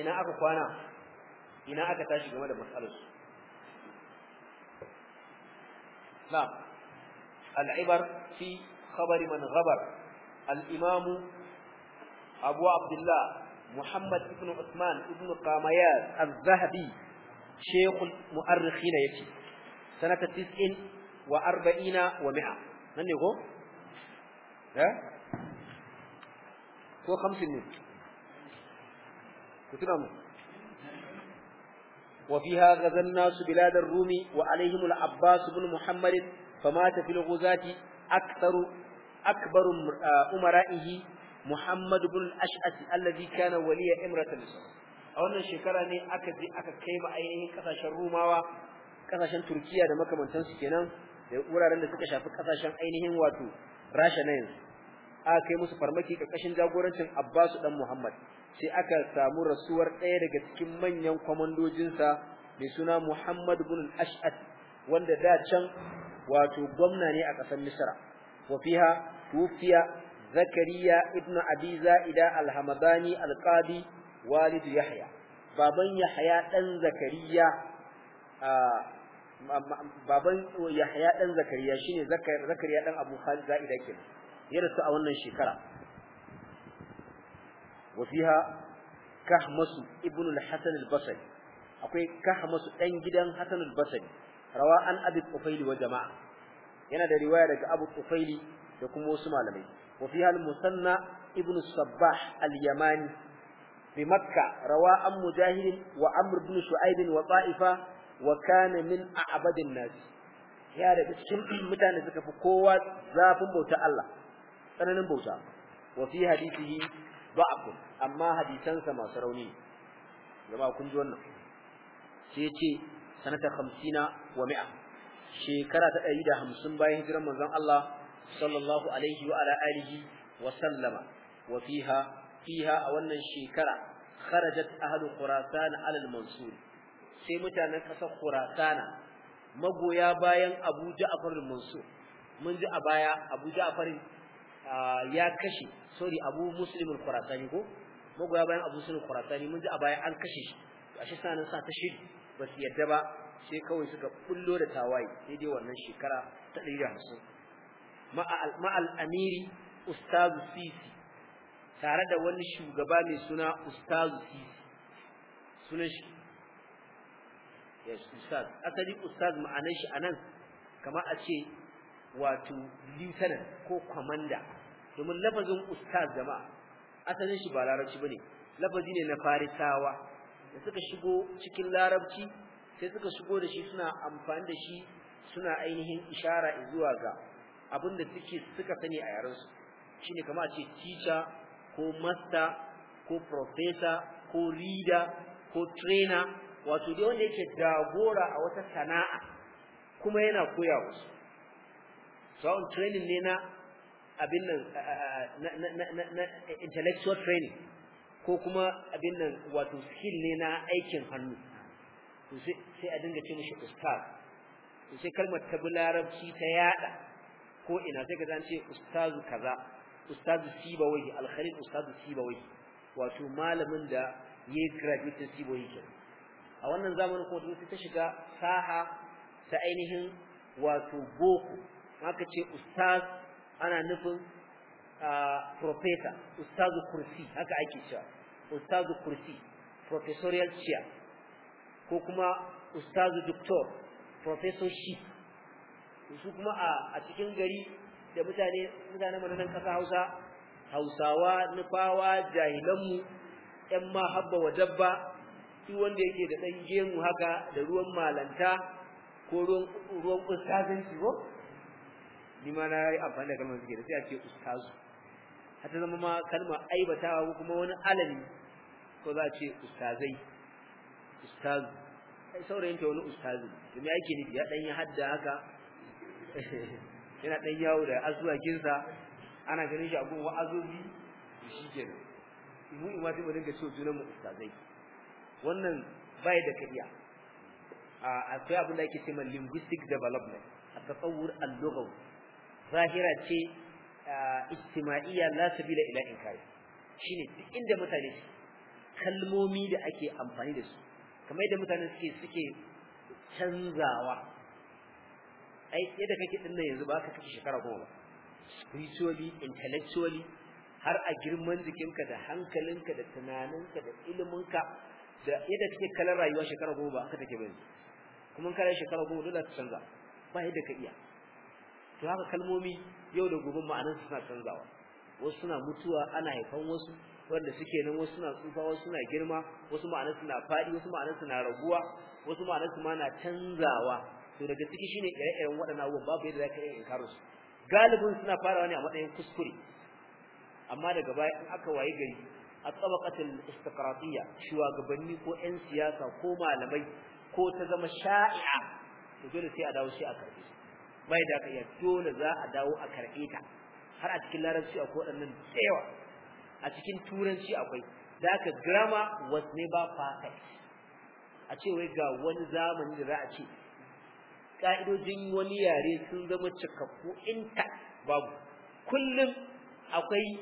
ina aka kwana ina aka tashi game da matsalarsu na al'ibar fi khabari man ghabar الإمام أبو عبد الله محمد بن عثمان بن قاميات الذهبي شيخ المؤرخين يتي سنة تسع وأربعين ومئة من يقول؟ ها؟ هو خمسين أمر وفيها غزا الناس بلاد الروم وعليهم العباس بن محمد فمات في الغزاة أكثر أكبر أمرائه محمد بن الأشعث الذي كان ولي إمرة الإسلام أولا شكرا ني أكدي أكيب ƙasashen كثاشا روماوا كثاشا تركيا دمك من تنسكنا wuraren da suka shafi ƙasashen ainihin wato Rasha na yanzu aka kai musu farmaki karkashin jagorancin Abbasu dan Muhammad sai aka samu rasuwar ɗaya daga cikin manyan kwamandojinsa mai suna Muhammad ibn ashad wanda da can wato gwamna ne a ƙasar Misra وفيها توفي زكريا ابن أبي زائدة الحمداني القاضي والد يحيى بابن يحيى أن زكريا baban Yahya dan Zakariya shine Zakariya dan Abu Khalid Zaida kenan a wannan shekara wa fiha Kahmasu akwai Kahmasu ɗan gidan Hasan rawa an Abi jama'a yana da riwaya daga Abu Tufaili da kuma wasu malamai wa fi hal musanna ibn Sabbah al-Yamani bi Makka rawa an Mujahid wa Amr ibn Shu'aib wa Ta'ifa wa kana min a'badin nas ya daga cikin mutane suka fi kowa zafin bauta Allah tsananin bauta wa fi hadisihi ba'd amma hadisansa masu rauni jama'a kun ji wannan sai ce sanata 50 wa 100 shekara ta ɗari da hamsin bayan hijiran manzon Allah sallallahu alaihi wa ala alihi wa sallama wa fiha fiha a wannan shekara kharajat ahlu khurasan ala al-mansur sai mutanen kasar kurasana. magoya bayan Abu Ja'far al-Mansur mun ji a baya Abu Ja'far ya kashe sorry Abu Muslim al ko magoya bayan Abu Muslim al-Khurasani mun ji a baya an kashe shi ashe sanan sa ta shiri ba su yadda ba sai kawai suka bullo da tawaye sai dai wannan shekara ta 150 ma'al amiri ustazu sisi tare da wani shugaba mai suna ustazu sisi sunan shi yes ustaz asali ustaz ma'anar shi anan kama a ce wato lieutenant ko commander domin lafazin ustaz jama'a asalin shi ba larabci bane lafazi ne na farisawa da suka shigo cikin larabci sai suka shigo da shi suna amfani da shi suna ainihin ishara zuwa ga abinda suke suka sani a yaran su shine kamar a ce teacher ko master ko professor ko leader ko trainer wato dai wanda yake jagora a wata sana'a kuma yana koya wasu sawon training ne na abin nan intellectual training ko kuma abin nan wato skill ne na aikin hannu sai a dinga ce mishi ustaz to sai kalmar ta bi larabci ta yada ko ina sai ka zance ustazu kaza ustazu sibawai alkhalil ustazu sibawai wato malamin da yayi graduate sibawai ke a wannan zamanin ko sai ta shiga saha ta ainihin wato boko haka ce ustaz ana nufin professor ustazu kursi haka ake cewa ustazu kursi professorial chair ko kuma ustazu doktor professorship su kuma a cikin gari da mutane mutanen mananan kasa Hausa Hausawa nufawa mu ɗan ma habba wa dabba shi wanda yake da ɗan gemu haka da ruwan malanta ko ruwan ruwan shi ko ni ma na yi amfani da kalmar suke da sai a ce ustazu Hata zama ma kalmar aibatawa ko kuma wani alami ko za a ce ustazai ustaz ai saurayin ta wani ustazi kuma yake nufi ya dan yi hadda haka yana dan yawo da azuwa kinsa ana ganin shi a shi ke shikenan mu in wata mu dinga cewa junan mu ustazai wannan bai da kariya a akwai abun da yake cewa linguistic development a tasawur al-lughawi zahira ce ijtimaiya la sabila ila inkari shine duk inda mutane kalmomi da ake amfani da su kamar yadda mutane suke suke canzawa ai yadda kake din nan yanzu ba ka kake shekara goma ba spiritually intellectually har a girman jikinka da hankalinka da tunaninka da iliminka da yadda kake kallon rayuwa shekara goma ba aka take ba yanzu kuma in kana shekara goma dole ta canza ba yadda ka iya to haka kalmomi yau da gobe ma'anarsa suna canzawa wasu suna mutuwa ana haifan wasu wanda suke nan wasu suna tsufa wasu suna girma wasu ma'ana suna faɗi wasu ma'ana suna raguwa wasu ma'ana suna na canzawa to daga ciki shine ire-iren waɗannan abubuwan babu yadda zaka yi inkarin su galibin suna farawa ne a matsayin kuskure amma daga baya in aka wayi gari a tsabaqatul istiqratiyya shugabanni ko ƴan siyasa ko malamai ko ta zama sha'i'a to dole sai a dawo shi a karbe bai da ka iya dole za a dawo a karbe ta har a cikin larabci akwai waɗannan tsewa a cikin turanci akwai da ka grammar was never perfect a ce wai ga wani zamani da za a ce ka'idojin wani yare sun zama cikakku inta babu kullum akwai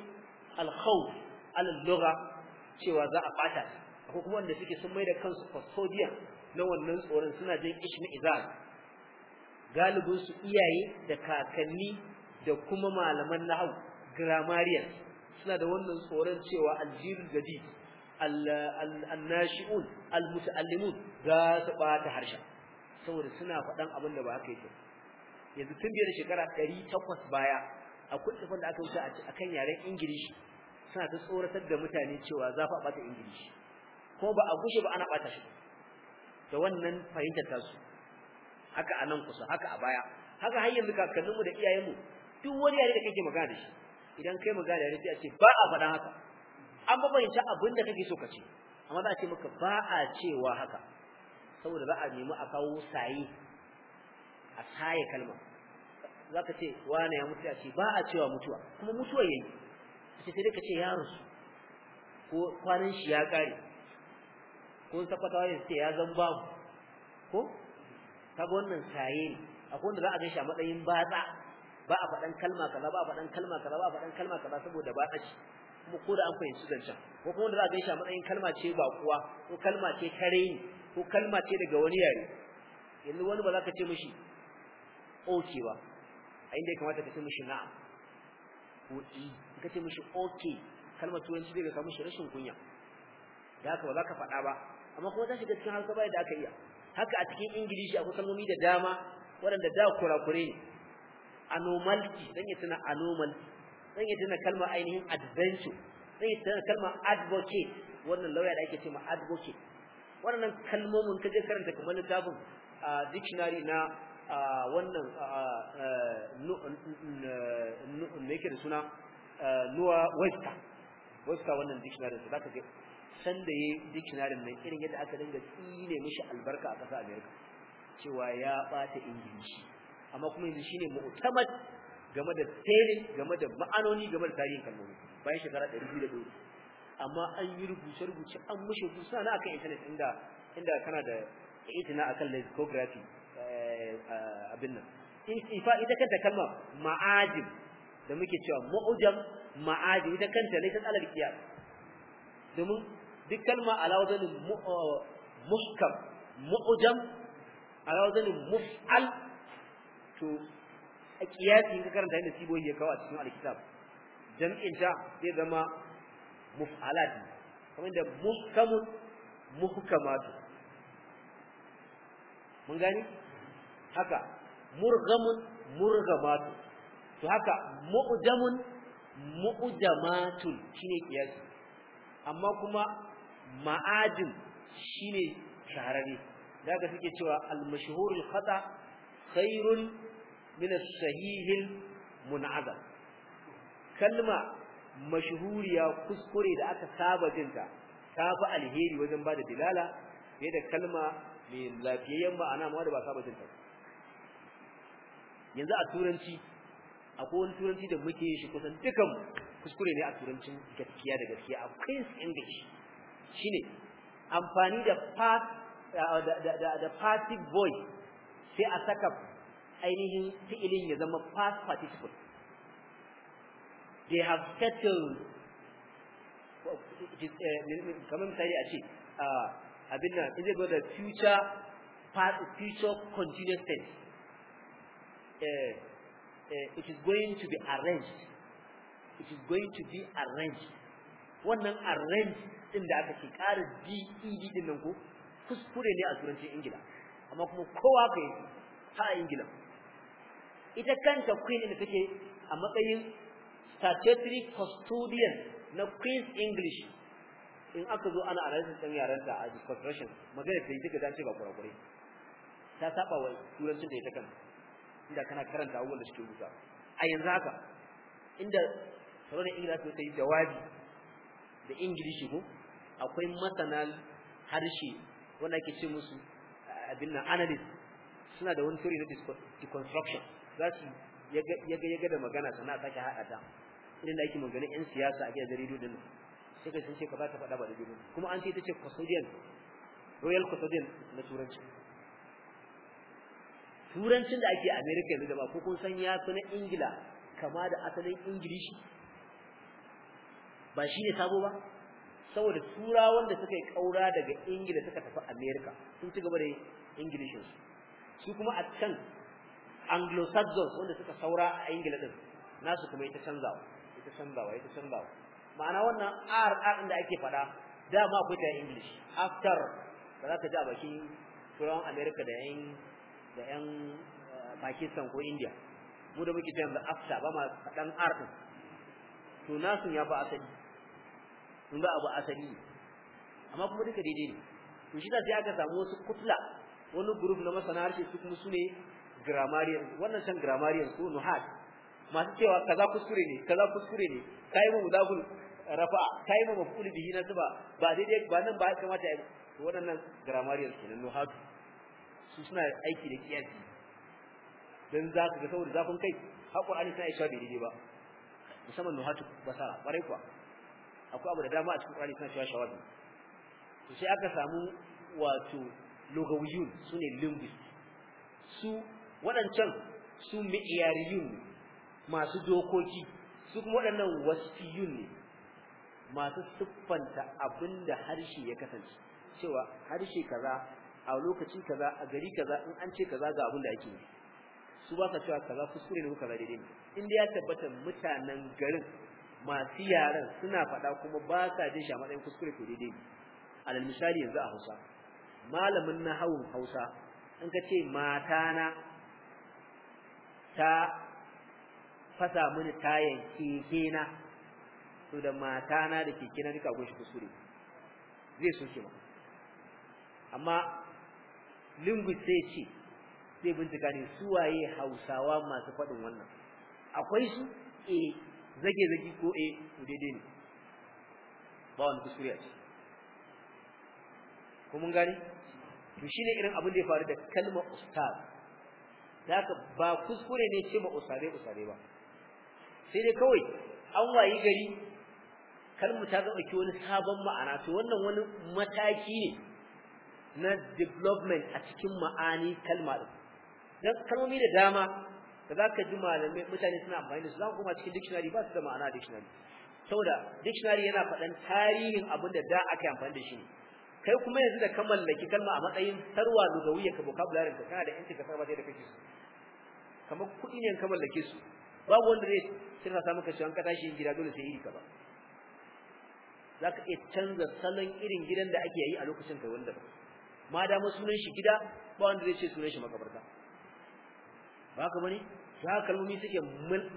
alkhawf alal lugha cewa za a fata akwai kuma wanda suke sun mai da kansu custodian na wannan tsoron suna jin ishmizal galibin su iyaye da kakanni da kuma malaman nahau grammarians suna da wannan tsoron cewa al jadid annashi'un almutaallimun za su bata harshe. saboda suna faɗan abin da ba haka yake yanzu tun biyar shekara takwas baya akwai tsafin da aka wuce akan yaren ingilishi suna ta tsoratar da mutane cewa za fa bata ingilishi ko ba a gushe ba ana bata shi da wannan fahimtar tasu haka anan kusa haka a baya haka har yanzu kakanninmu da iyayenmu duk wani yare da kake magana da shi idan kai mu da sai a ce ba a faɗa haka an babbanta abin da kake so ka ce amma za a ce maka ba a cewa haka saboda za a nemi a kawo saye a saye kalma za ka ce wane ya mutu a ce ba a cewa mutuwa kuma mutuwa yayi a ce sai ka ce yaro su ko kwanan shi ya kare ko tabbatawa ya sai ya zan babu ko kaga wannan saye ne akwai wanda za a gan shi a matsayin batsa ba a faɗan kalma kaza ba a faɗan kalma kaza ba a faɗan kalma kaza saboda ba ci, kuma ko da an fahimci zancen ko kuma da za a gaishe a matsayin kalma ce ba kuwa ko kalma ce kare ni ko kalma ce daga wani yare yanzu wani ba za ka ce mishi okay ba a inda ya kamata ka ce mishi na'am ko eh. i ka ce mishi okay kalma turanci zai ga kawo mishi rashin kunya da haka ba za ka faɗa ba amma kuma ta shiga cikin hausa bai da aka iya haka a cikin ingilishi akwai kalmomi da dama waɗanda da kurakure ne Anomalki, dan ya tuna anomal dan ya tuna kalmar ainihin adventure dan ya tuna kalmar advocate wannan lauya da ake ma advocate wannan kalmomin kaje karanta kamar littafin dictionary na wannan me yake da suna Noah Webster Webster wannan dictionary da zaka ga san da yi dictionary mai, irin yadda aka dinga tsine mishi albarka a ƙasa America cewa ya ɓata ingilishi amma kuma yanzu shine mu'tamad game da tsirin game da ma'anoni game da tarihin kalmomi bayan shekara 200 amma an yi rubuce rubuce an mushe kusa na akan internet inda inda kana da itina akan lexicography eh, eh, abin nan in ifa ita kanta kalma ma'ajib da muke cewa mu'jam ma'ajib ita kanta ne ta tsalar kiyas domin duk kalma alawazan eh, muhkam mu'jam alawazan muf'al to a kiyasi ka karanta inda siboyi ya kawo a cikin alkitab jam'in ta zai zama muf'alat kamar da muhkamun muhkamatu mun gani haka murghamun murghamatu to haka mu'jamun mu'jamatun shine kiyasi amma kuma ma'ajin shine shahararre daga suke cewa al-mashhurul khata khairun min as-sahihil mun'azab kalma mashhuriya kuskure da aka saba jinta ta fi alheri wajen bada dilala fiye da kalma mai lafiyayyen ma'ana ma da ba saba jinta yanzu a turanci akwai wani turanci da muke shi kusan dukan kuskure ne a turancin gaskiya da gaskiya a Queen's English shine amfani da past da passive voice sai a saka ainihin fi'ilin ya zama past participle they have settled eh, kamar misali a ce abin nan zai go da future past future continuous tense eh, eh, it is going to be arranged it is going to be arranged wannan arranged din da aka ce ƙarin e ded din nan ko kuskure ne a turancin ingila amma kuma kowa ka yi ha a ingila ita kanta queen ne take a matsayin statutory custodian na queen's english in aka zo ana analysis din yaranta a discussion magana ta yi take da ce ba kurakure ta saba wa turancin da ita kanta inda kana karanta abubuwan da suke rubuta a yanzu haka inda sauran ingila ta yi jawabi da ingilishi ko akwai masana harshe wanda ake ce musu eh, abin nan analyst suna da wani turi na deconstruction za su yaga yaga da magana sana sake haɗa ta irin da ake magana yan siyasa a gidan rediyo din suka sun ce ka ba ta faɗa ba da gidan kuma an ce ita ce custodian royal custodian na turanci turancin da ake America yanzu da ba ko kun san ya na Ingila kama da asalin English ba shi ne sabo ba saboda tura wanda suka yi kaura daga Ingila suka tafi America sun ci gaba da English su kuma a can anglo-saxons wanda suka saura a ingila din nasu kuma ita canzawa ita canzawa ita canzawa ma'ana wannan r r da ake faɗa ma akwai ta english after da za ka ji a turawan america da yan da yan eh, pakistan ko india mu da muke ta yanzu after ba ma faɗan r din to nasu ya fi asali mun ba abu asali amma kuma duka daidai ne to shi da sai aka samu wasu kutla wani group na masana harshe su kuma su ne grammarian wannan can grammarian ko nuhat masu cewa kaza kuskure ne kaza kuskure ne kai mu mudafun rafa kai mu maf'ul bihi na suba ba dai ba nan ba ya kamata ya to waɗannan grammarian kenan nuhat su suna aiki da kiyasi dan za ka ga saboda zafin kai har Qur'ani sai ya bai dai ba musamman nuhatu basara bare kuwa akwai abu da dama a cikin Qur'ani suna ya shawadi to sai aka samu wato lugawiyun sune linguist su waɗancan su mi'yariyun masu dokoki su kuma waɗannan wasfiyun ne masu siffanta abinda harshe ya kasance cewa harshe kaza a lokaci kaza a gari kaza in an ce kaza ga abin da ake yi su ba ka cewa kaza kuskure ne ko kaza daidai ne in ya tabbata mutanen garin masu yaran suna faɗa kuma ba sa jin shi a matsayin kuskure ko daidai ne alal misali yanzu a Hausa malamin nahawun Hausa in ka ce mata na. ta fasa mini tayan kekena, na to da mata na da kekena na duka goshi kusure zai soke ma amma lingu sai ce sai bincika ne su waye hausawa masu faɗin wannan akwai su e zage zage ko e to daidai ne ba wani kusure a ciki ko mun gane to shine irin abin da ya faru da kalmar ustaz zaka ba kuskure ne ce ba usare usare ba sai dai kawai an wayi gari mu ta ga ki wani sabon ma'ana to wannan wani mataki ne na development a cikin ma'ani kalmar dan kalmomi da dama da zaka ji malamai mutane suna amfani da su zaka kuma cikin dictionary ba su da ma'ana dictionary saboda dictionary yana faɗan tarihin abin da da aka yi amfani da shi ne kai kuma yanzu da ka mallaki kalma a matsayin tarwa lugawiyya ka vocabulary ka kana da yanci ka saba da kake su kamar kudi ne ka mallake su babu wanda zai sirra samu ka shi an kada shi gida dole sai iri ka ba zaka iya canza salon irin gidan da ake yi a lokacin kai wanda ba ma da ma sunan shi gida ba wanda zai ce sunan shi makabarta ba ka bane za kalmomi suke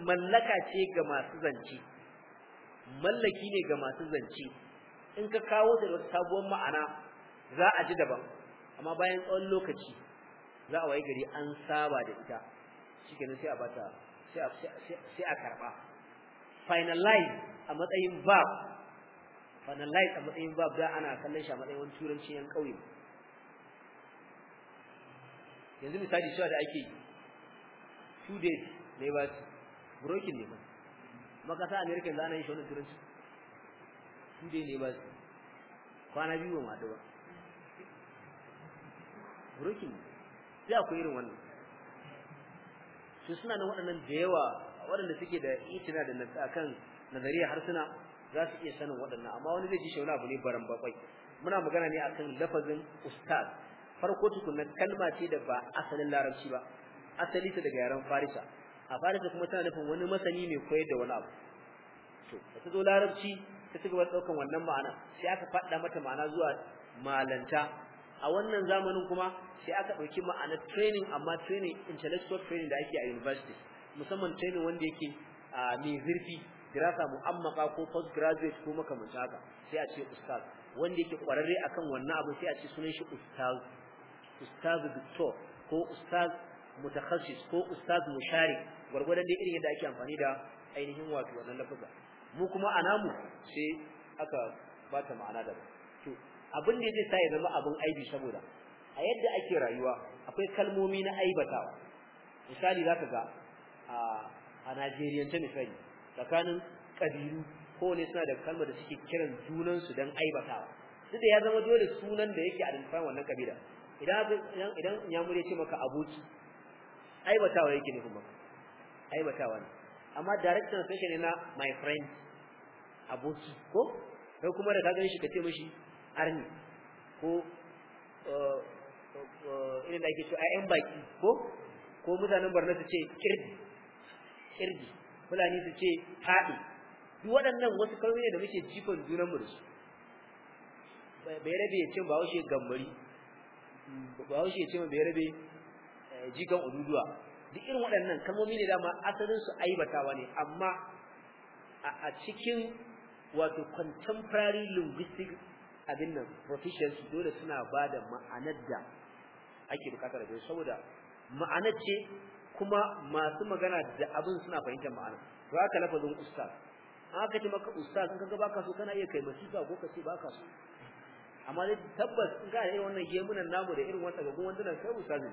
mallaka ce ga masu zance mallaki ne ga masu zance in ka kawo ta da sabuwar ma'ana za a ji daban amma bayan tsawon lokaci za a wayi gari an saba da ita shikenan sai a bata sai a sai a karba finalize a matsayin verb finalize a matsayin verb da ana kallon shi a matsayin wani turanci yan kauye yanzu misali cewa da ake two days ne ba broken ne ba makasa america yanzu ana yin shi wani turanci su dai ne ba su kwana biyu ba ma da ba rukin sai akwai irin wannan su suna nan waɗannan da yawa waɗanda suke da itina da akan nazariya harsuna za su iya sanin waɗannan amma wani zai ji shauna abu ne baran bakwai muna magana ne akan lafazin ustaz farko tukunna kalma ce da ba asalin larabci ba asali ta daga yaren farisa a farisa kuma tana nufin wani masani mai koyar da wani abu to ta zo larabci ta ci gaba daukan wannan ma'ana sai aka faɗa mata ma'ana zuwa malanta a wannan zamanin kuma sai aka ɗauki ma'ana training amma training intellectual training da ake a university musamman training wanda yake mai zurfi dirasa mu'ammaka ko post graduate ko makamanta haka sai a ce ustaz wanda yake kwararre akan wannan abu sai a ce sunan shi ustaz ustaz doctor ko ustaz mutakhassis ko ustaz mushari gwargwadon dai irin yadda ake amfani da ainihin wato wannan lafaza mu kuma a namu sai aka bata ma'ana da to abin da zai sa ya zama abin aibi saboda a yadda ake rayuwa akwai kalmomi na aibatawa misali zaka ga a a Najeriya ta misali tsakanin kabilu ko ne suna da kalmar da suke kiran junan su dan aibatawa duk da ya zama dole sunan da yake a wannan kabila idan idan ya mure ce maka aboki aibatawa yake ne kuma aibatawa ne amma direction sai ne na my friend aboki ko sai kuma da ka gani shi ka ce mishi arni ko eh, eh, irin da ake a 'yan baki ko ko mutanen barna su ce kirdi kirdi fulani su ce haɗi duk waɗannan wasu kalmomi ne da muke jifan junan mu da su bai rabe ya ce ba haushe gambari ba haushe ya ce bai rabe eh, jikan ududuwa duk irin waɗannan kalmomi ne dama asalin su aibatawa ne amma a cikin wato contemporary linguistic abin nan proficiency dole suna ba da ma'anar da ake bukatar da saboda ma'anar ce kuma masu magana da abin suna fahimtar ma'anar to haka lafazin ustaz ka ce maka ustaz in kaga baka so kana iya kai masifa ko ka ce baka so amma dai tabbas in ka yi wannan gemunan namu da irin wannan gagun wanda nan sai ustaz ne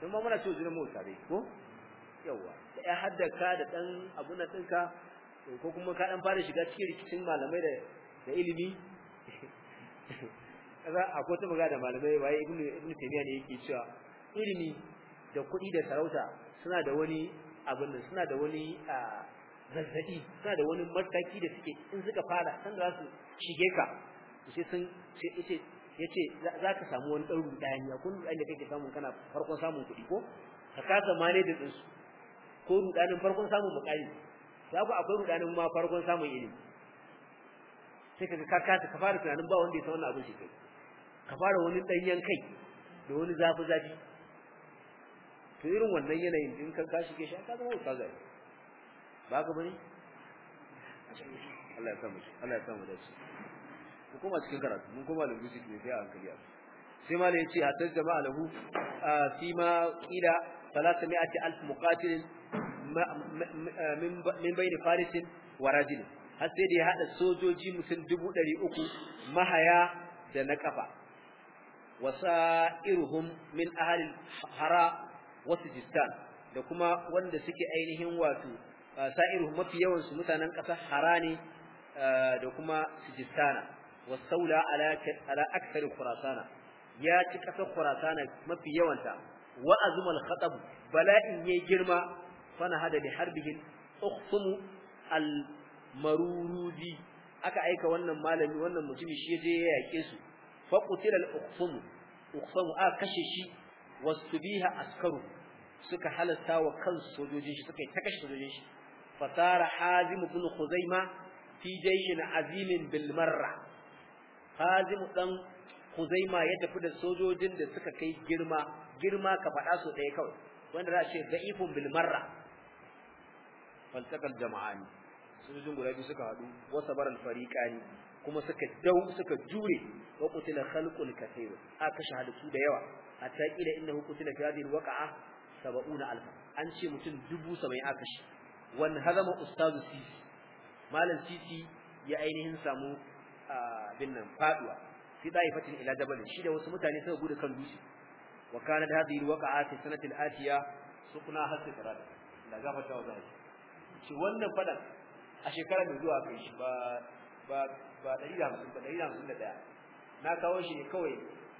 kuma muna cewa jinin mu ustaz ko yawa da ya haddaka da dan abun nan ɗinka ko kuma ka dan fara shiga cikin rikicin malamai da da ilimi kaza akwai ta magana da malamai waye ibnu ibnu taymiya ne yake cewa ilimi da kuɗi da sarauta suna da wani abin nan suna da wani zazzabi suna da wani mataki da suke in suka fara san za su shige ka sai sun yace yace za ka samu wani ɗan ya kun rudani da kake samu kana farkon samun kuɗi ko ka kasa mane da tsinsu ko rudanin farkon samun mukami za ku akwai rudanin ma farkon samun ilimi sai kaga ka ka fara tunanin ba wanda ya san wannan abin shi kai ka fara wani danyen kai da wani zafi zafi to irin wannan yanayin din kan ka shige shi ka zama ka zai ba ka bari?" Allah ya samu Allah ya samu dace ku koma cikin karatu mun koma gushi ne sai a hankali a sai ma ne ce hatta jama'a lahu fi ma qila 300000 alf muqatilin Ah, min bayni farisin wa rajulin har sai da ya hada sojoji mutum dubu ɗari uku mahaya da na kafa wasa'iruhum min ahli hara wa sijistan da kuma wanda suke ainihin wato ah, sa'iruhum mafi yawan su mutanen ƙasar harani ah, da kuma sijistana wasaula ala ala akthar khurasana ya ci ƙasar khurasana mafi yawanta wa azmal khatab bala'in yayi girma فنهد بحربه أخصم المرورودي aka aika wannan malami wannan mutumi shi je ya yake su fa qutila al-ukhsum ukhsum a kashe shi wasubiha askaru suka halasta wa kan sojojin shi suka yi ta kashe sojojin shi fatara hazim ibn khuzaima fi jayshin azim bil marra hazim dan khuzaima ya tafi da sojojin da suka kai girma girma ka faɗa su ɗaya kawai wanda za a ce da'ifun bil marra faltaqal jama'ani sojojin guda biyu suka haɗu wa sabar al ne kuma suka dau suka jure wa qutila khalqul kathir kashe halittu da yawa a hatta ila innahu qutila fi hadhihi al-waqa'a 70000 an ce mutum 70 aka shi wan hazama ustazu sisi malam sisi ya ainihin samu bin nan faduwa fi daifatin ila jabalin shi da wasu mutane suka gudu kan dutse wa kana hadhihi al-waqa'a fi sanati al-atiya suqna hatta karada da gafata wa zahiri ce wannan fadan a shekara mai zuwa kai shi ba ba ba hamsin ba daya na kawo shi ne kawai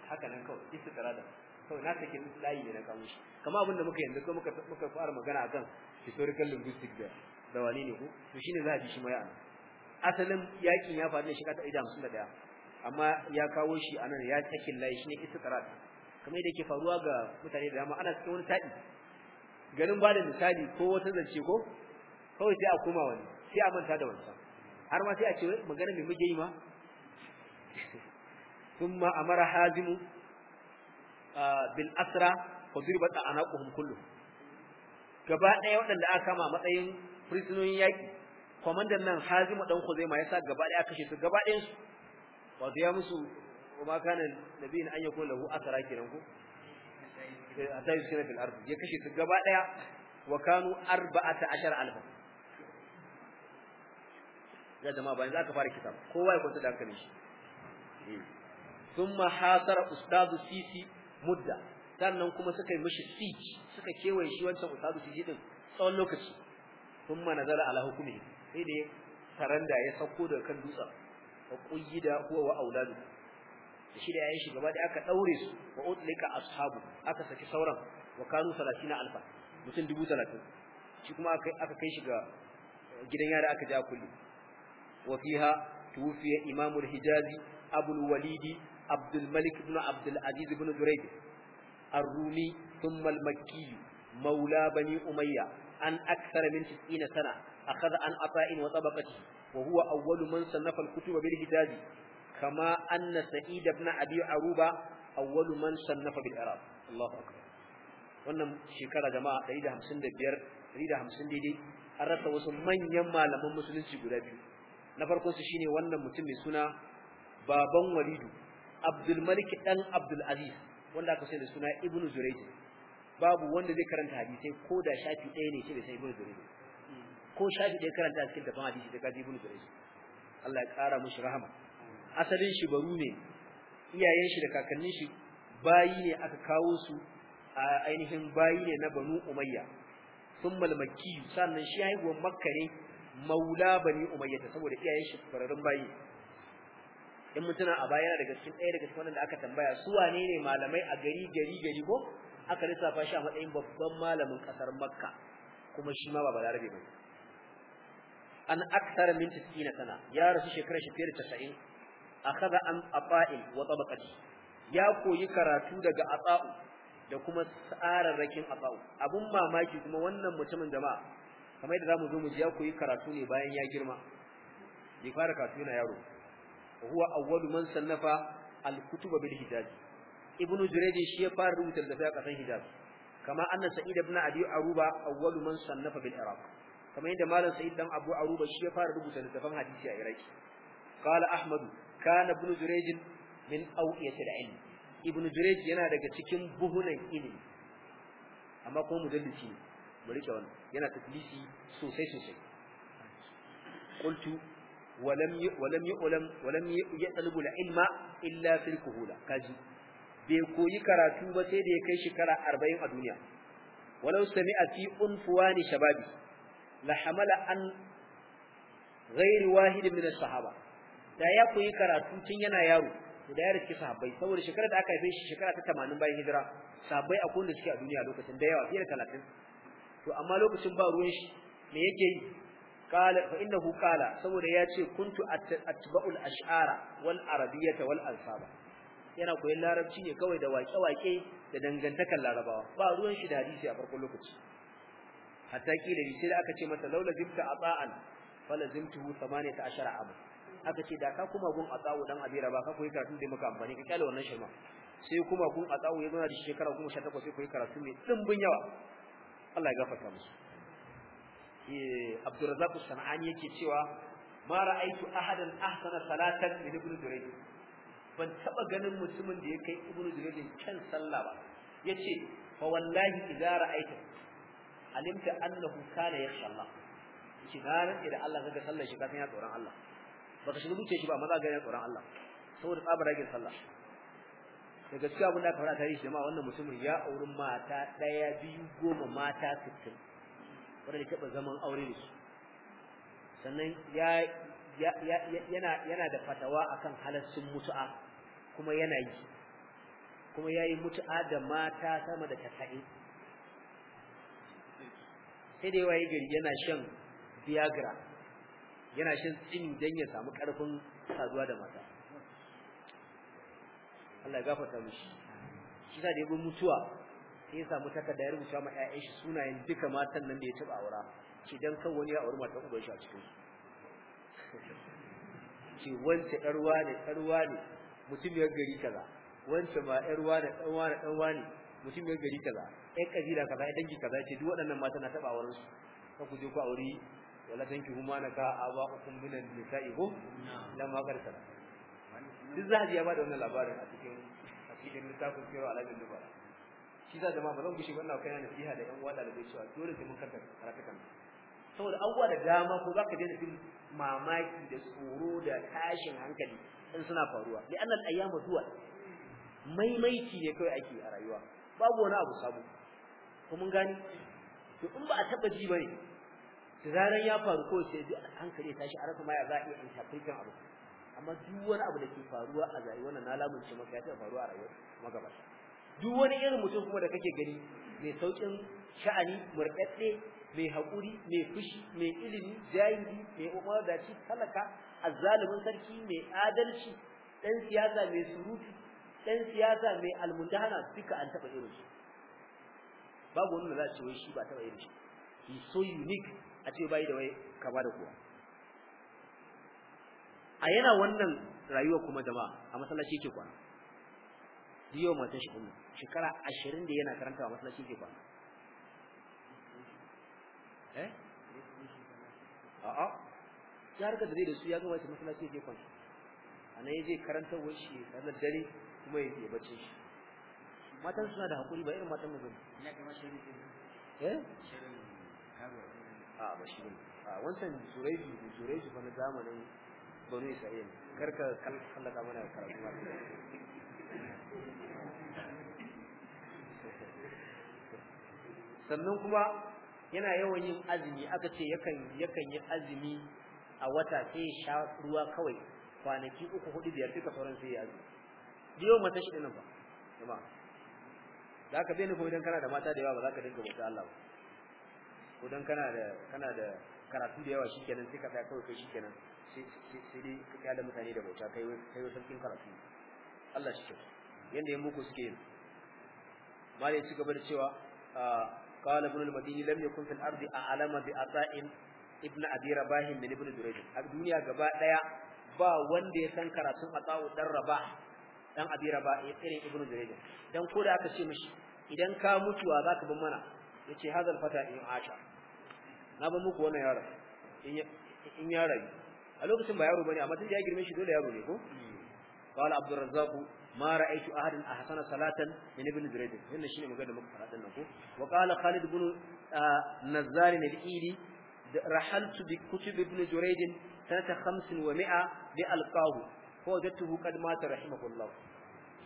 haka nan kawai istitara da kawai na take layi ne na kawo shi kamar abin da muka yanzu ko muka muka fara magana akan historical linguistics da dawani ne ko to shine za a ji shi mai ana asalin yakin ya faru ne shekara daya amma ya kawo shi a nan, ya take layi shine istitara kamar yadda yake faruwa ga mutane da dama ana cikin wani taɗi ganin ba da misali ko wata zance ko kawai sai a koma wani sai a manta da wancan har ma sai a ce magana mai muke yi ma thumma amara hazimu bil asra wa duribat anaquhum kullu gaba ɗaya waɗanda aka kama matsayin prisoners yaki komandan nan hazimu dan khuzaima yasa gaba ɗaya kashe su gaba ɗayan su wato ya musu kuma kana nabiyin an yakun lahu asra kiran ku hatta yusira fil ard ya kashe su gaba ɗaya wa kanu 14000 ya jama'a bayan za ka fara kitab kowa ya kwanta da hankalin shi hmm. thumma hasara ustadu sisi mudda sannan kuma suka yi mishi siege suka kewaye shi wancan ustadu sisi din tsawon lokaci thumma nazara ala hukumi sai da saranda ya sauko daga kan dutsen wa quyida huwa wa auladu shi da yayin shi gaba da aka daure su wa utlika ashabu aka saki sauran wa kanu 30000 mutum 30000 shi kuma aka kai shi ga gidan yara aka ja kullum وفيها توفي إمام الحجاز أبو الوليد عبد الملك بن عبد العزيز بن دريد الرومي ثم المكي مولى بني أمية عن أكثر من تسعين سنة أخذ عن عطاء وطبقته وهو أول من صنف الكتب بالحجاز كما أن سعيد بن أبي عروبة أول من صنف بالعراق الله أكبر wannan shekara jama'a 155 150 daidai an rasa wasu manyan malaman musulunci guda biyu na farkon su shine wannan mutum mai suna baban walidu abdul malik dan abdul aziz wanda aka sai da suna ibnu zurayd babu wanda zai karanta hadisi ko da shafi ɗaya ne ce da sai ibnu zurayd ko shafi ɗaya karanta a cikin dafan hadisi daga ibnu zurayd Allah ya kara mushi rahama asalin shi baru ne iyayen shi da kakannin shi bayi ne aka kawo su a ainihin bayi ne na banu umayya Sun al-makki sannan shi haihuwar makka ne maula bani umayyah saboda iyayen shi fararrun bayi in mutuna a baya daga cikin ɗaya daga cikin wanda aka tambaya su wane ne malamai a gari gari gari ko aka lissafa shi a matsayin babban malamin kasar makka kuma shi ma ba balarabe ba an akthar min tisina sana ya rasu shekara shi fiye da 90 akhadha an afa'il wa tabaqati ya koyi karatu daga Asa'u da kuma tsararrakin atsa'u abun mamaki kuma wannan mutumin jama'a kamar yadda zamu zo mu ji ya koyi karatu ne bayan ya girma ya fara karatu yana yaro huwa awwalu man sannafa al-kutuba bil hijaz ibnu jurayj shi ya fara rubuta littafai a kasan hijaz kama anna sa'id ibn abi aruba awwalu man sannafa bil iraq kamar yadda malam sa'id dan abu aruba shi ya fara rubuta littafan hadisi a iraki qala ahmad kana ibnu jurayj min awqiyati al-ilm ibnu jurayj yana daga cikin buhunan ilimi amma ko mudallisi ne mu rike wannan yana tafilisi sosai sosai qultu walam walam yu'lam walam yatlubu ilma illa fil kuhula kaji bai koyi karatu ba sai da ya kai shekara 40 a duniya walau sami'a fi unfuwani shababi la hamala an ghairi wahid min as-sahaba da ya koyi karatu tun yana yaro da ya riski sahabbai saboda shekara da aka haife shi shekara ta 80 bayan hijira sahabbai akwai da suke a duniya lokacin da yawa fiye da 30 to amma lokacin ba ruwan shi me yake yi qala fa innahu qala saboda ya ce kuntu atba'ul ash'ara wal arabiyyata wal alfaba yana koyon larabci ne kawai da waƙe-waƙe da dangantakar larabawa ba ruwan shi da hadisi a farkon lokaci hatta kila sai da aka ce masa laula jibta ata'an falazimtuhu 18 abu aka ce da ka kuma gun ata'u dan abira ba ka koyi karatu da muka amfani ka kyale wannan shirma sai kuma gun ata'u ya zama da shekara 18 sai koyi karatu mai dimbin yawa Allah ya gafarta musu eh Abdurrazzaq Sanani yake cewa ma ra'aitu ahadan ahsana salatan min ibn Durayd ban taba ganin mutumin da ya kai ibn Durayd kan sallah ba yace fa wallahi idza ra'aita alimta annahu kana yakhsha Allah yace garan idan Allah kaga sallar shi kafin ya tsoron Allah baka shiga zuciyar shi ba maza ga ya tsoron Allah saboda tsabar ragin sallah da gaskiya abin da aka fara tare shi jama'a wannan mutumin ya auri mata daya biyu goma mata sittin wanda ya taɓa zaman aure da su sannan yana da fatawa akan halassun mutu'a kuma yana yi kuma ya yi mutu'a da mata sama da tasa'in sai dai waye gari yana shan biyagra yana shan tsini don ya samu ƙarfin saduwa da mata Allah ya gafarta mishi shi da ya mutuwa sai ya samu takarda ya rubuta ma ƴaƴan shi sunayen duka matan nan da ya taba aura shi dan kan wani ya auri matan uban shi a cikin shi wance ɗarwa ne ɗarwa ne mutum ya gari kaza wance ma ɗarwa ne ɗanwa ne ɗanwa ne mutum ya gari kaza ƴan kabila kaza ƴan dangi kaza ce duk waɗannan matan na taba auren su ka ku je ku aure, wala tanki huma ka aba ukum minan nisa'i ko lamma karkara duk zahabi ya bada wannan labarin a cikin a cikin littafin sirru alamin duba shi za jama'a ba zan gushe wannan na nasiha da yan uwa da bai cewa dole sai mun karanta karatukan saboda abubuwa da dama ko za je daina jin mamaki da tsoro da tashin hankali in suna faruwa li annal ayyamu zuwa. maimaiti ne kawai ake a rayuwa babu wani abu sabo ko mun gani to in ba a taba ji bane da zaran ya faru ko sai hankali tashi a rasa ma ya za a iya interpretin abu amma duk wani abu da ke faruwa a zai wannan na lamunce maka ya faruwa a rayuwar magabata duk wani irin mutum kuma da kake gani mai saukin sha'ani murɗaɗɗe mai haƙuri mai fushi mai ilimi jahili mai umadaci talaka azzalumin sarki mai adalci dan siyasa mai surutu dan siyasa mai almundahana duka an taɓa irin shi. babu wanda za a ce wai shi ba taɓa irin shi he so unique a ce bai da wai kama da kowa a yana wannan rayuwa kuma jama'a a masallaci yake kwana biyo matan shi din shekara 20 da yana karanta a masallaci yake kwana eh a'a ya rika da zai da su ya gaba ta masallaci yake kwana anan yaje karanta washi ranar dare kuma yake bace shi matan suna da hakuri ba irin matan mu bane ina kamar shirin eh shirin a ba shi ne a wancan zureji zureji ba na zamanin bani isra'il karka kallaka mana karatu ma sannan kuma yana yawan yin azumi aka ce yakan yakan yi azumi a wata sai sha ruwa kawai kwanaki uku hudu biyar duka sauran sai ya azumi biyo mata shi nan ba kuma da ka bai ko idan kana da mata da yawa ba za ka dinga bauta Allah ba ko dan kana da kana da karatu da yawa shikenan sai ka tsaya kawai kai shikenan sai dai ka kyala mutane da bauta kai kai sarkin karatu Allah shi kyau yanda ya boko suke yin mali ya ci gaba da cewa ah, qala ibn al-madini lam yakun fil ardi a'lama bi ata'in ibn abi rabah min ibn durayj a duniya gaba daya ba wanda ya san karatun ata'u dan rabah dan abi rabah eh, irin ibn durayj dan ko da aka ce mishi idan ka mutuwa zaka bin mana yace hadal fata in asha na ba muku wannan yaron in ya rayu a lokacin ba yaro bane amma tun da ya girme shi dole yaro ne ko qala abdur razzaq ma ra'aytu ahadan ahsana salatan min ibn zurayd wannan ne magana da muka fara din ko wa qala khalid ibn ah, nazzar al-ili rahaltu bi kutub ibn zurayd sanata 5 wa 100 bi alqahu ko wajadtuhu qad mata rahimahullah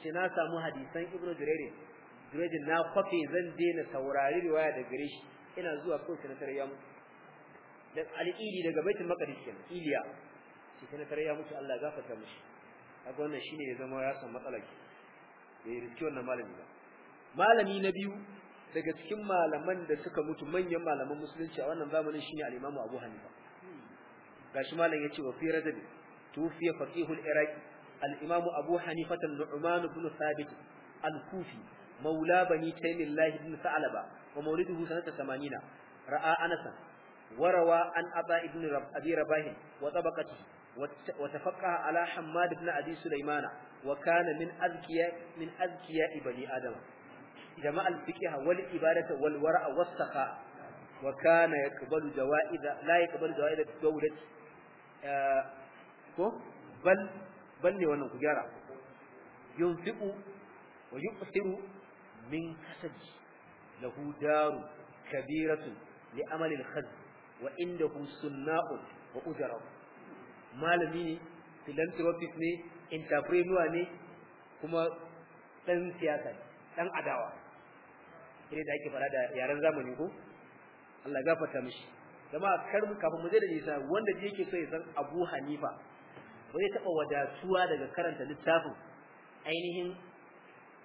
shi na samu hadisan ibn zurayd zurayd na kwafe zan daina saurari riwaya da gare shi ina zuwa kawai sanatar yamu Da al-ili daga baitul maqdis kenan iliya sai sai na tare ya mutu Allah kaga wannan shine ya zama ya ki bai wannan malami ba malami na biyu daga cikin malaman da suka mutu manyan malaman musulunci a wannan zamanin shine al-Imam Abu Hanifa gashi malam yace wa fi rajab tufiya faqihul iraqi al-Imam Abu Hanifa an-Nu'man ibn Thabit al-Kufi مولى بني تيم الله بن ثعلبة ومولده سنة ثمانين رأى أنسا وروى عن أبا ابن رب أبي رباه وطبقته وتفقه على حماد بن أبي سليمان وكان من أذكياء من أذكياء بني آدم جمع الفقه والعبادة والورع والسخاء وكان يقبل جوائز لا يقبل جوائز الدولة بل بل ne wannan ku gyara yunfiqu wa yuqsiru min kasabi lahu daru kabiratu li amali al-khaz wa indahu sunna'un wa ujrahu malami ne philanthropist ne entrepreneur ne kuma dan siyasa dan adawa sai da ake fara da yaren zamani ko Allah gafarta mishi jama'a kar mu kafin mu je da isa wanda je yake so ya san Abu Hanifa ba zai taba wadatuwa daga karanta littafin ainihin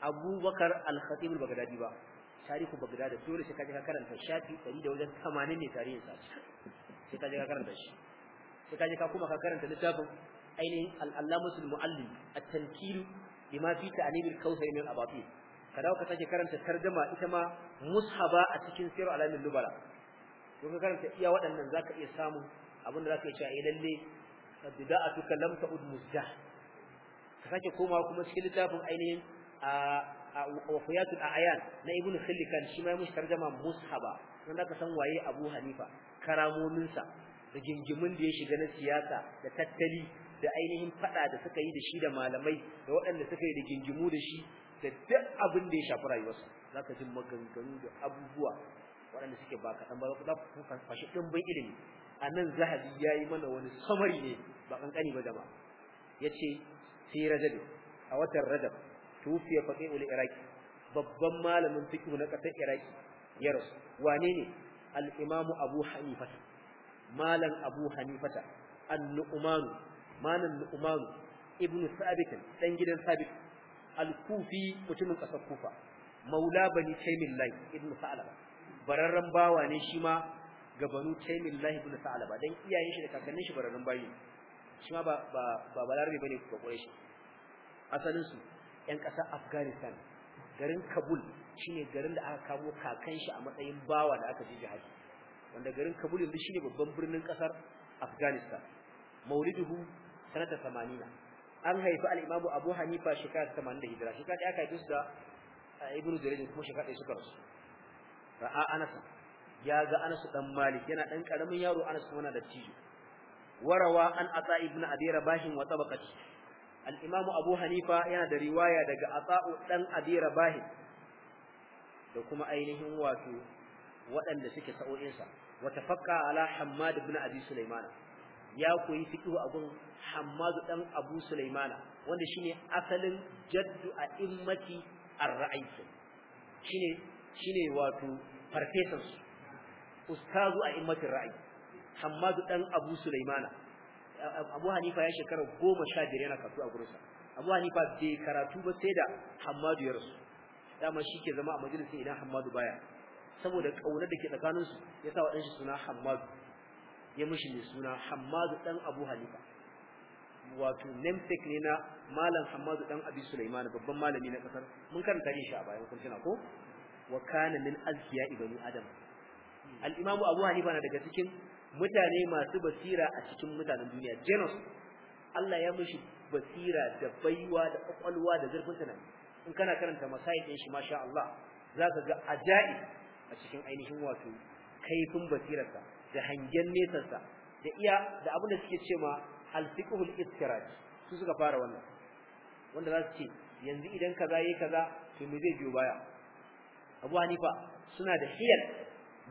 Abu Bakar Al-Khatib Al-Baghdadi ba tarihu Baghdad dole sai ka je ka karanta shafi 180 da wajen ne tarihin sa sai ka je ka karanta shi sai ka ka kuma ka karanta littafin ainihin al-allamatul muallim at-tankir bima fi ta'lil al-kawthar min al ka dawo ka sake karanta tarjuma ita ma mushaba a cikin sirr alamin Lubara. to ka karanta iya waɗannan zaka iya samu abinda zaka iya cewa eh lalle bida'atuka lam ta'ud muzdah ka sake komawa kuma cikin littafin ainihin a wafiyatul a'yan na ibnu khillikan shi ma ya mushi tarjuma mushaba dan ka san waye abu hanifa karamominsa da gingimin da ya shiga na siyasa da tattali da ainihin fada da suka yi da shi da malamai da waɗanda suka yi da gingimu da shi da duk abin da ya shafi rayuwarsa ka ji maganganu da abubuwa waɗanda suke ba kaɗan ba za ku fashi ɗimbin ilimi a nan zahabi ya yi mana wani samari ne ba ƙanƙani ba jama ya ce sai rajab a watan rajab tufiya faƙi ul iraki babban malamin fiqh na ƙasar iraki ya rasu wane ne al-imamu abu hanifa malam abu hanifata an-nu'man malam nu'man ibnu sabit dan gidan sabit al-kufi mutumin kasar kufa maula bani taymillahi ibnu sa'laba bararran bawa ne shi ma gabanu banu ibnu sa'laba dan iyayen shi da kakannin shi bararran bayi shi ma ba ba ba bane ko quraishi asalin su yan kasar afghanistan garin kabul shine garin da aka kamo kakan shi a matsayin bawa da aka ji jihadi wanda garin Kabul yanzu shine babban birnin kasar Afghanistan mauliduhu sanata 80 an haifi al-Imam Abu Hanifa shekara 80 da hijira shekara da aka tusa da Ibn Jarir kuma shekara da suka rasu ra'a Anas ya ga Anas dan Malik yana dan karamin yaro Anas kuma na da tijo warawa an Ata ibn Abi Rabahin wa tabaqati al-Imam Abu Hanifa yana da riwaya daga Ata dan Abi Rabahin da kuma ainihin wato waɗanda suke sa'o'insa wa tafaqqa ala hammad ibn abi sulaimana ya koyi fiqhu abun hammad dan abu sulaimana wanda shine asalin jaddu a immati ar-ra'isi shine shine wato farfesan su ustazu a immati ar-ra'i hammad dan abu sulaimana abu hanifa ya shekara 15 yana karatu a gurinsa abu hanifa bai karatu ba sai da hammad ya rasu dama shi ke zama a majalisin idan hammad baya saboda kaunar da ke tsakanin su ya sa wadan shi suna Hammad ya mishi ne suna Hammad dan Abu Halifa wato namesake ne na malam Hammad dan Abi Sulaiman babban malami na kasar mun karanta shi a bayan kun tuna ko wa kana min azkiya ibnu adam al-imam Abu Hanifa na daga cikin mutane masu basira a cikin mutanen duniya genus Allah ya mishi basira da baiwa da kwakwalwa da zurfin tunani in kana karanta masayin shi masha Allah zaka ga ajai a cikin ainihin wato kaifin basirarsa da hangen nesarsa da iya da abin da suke cewa al-fiqhul istiraj su suka fara wannan wanda za su ce yanzu idan kaza yayi kaza to me zai biyo baya Abu Hanifa suna da hiyar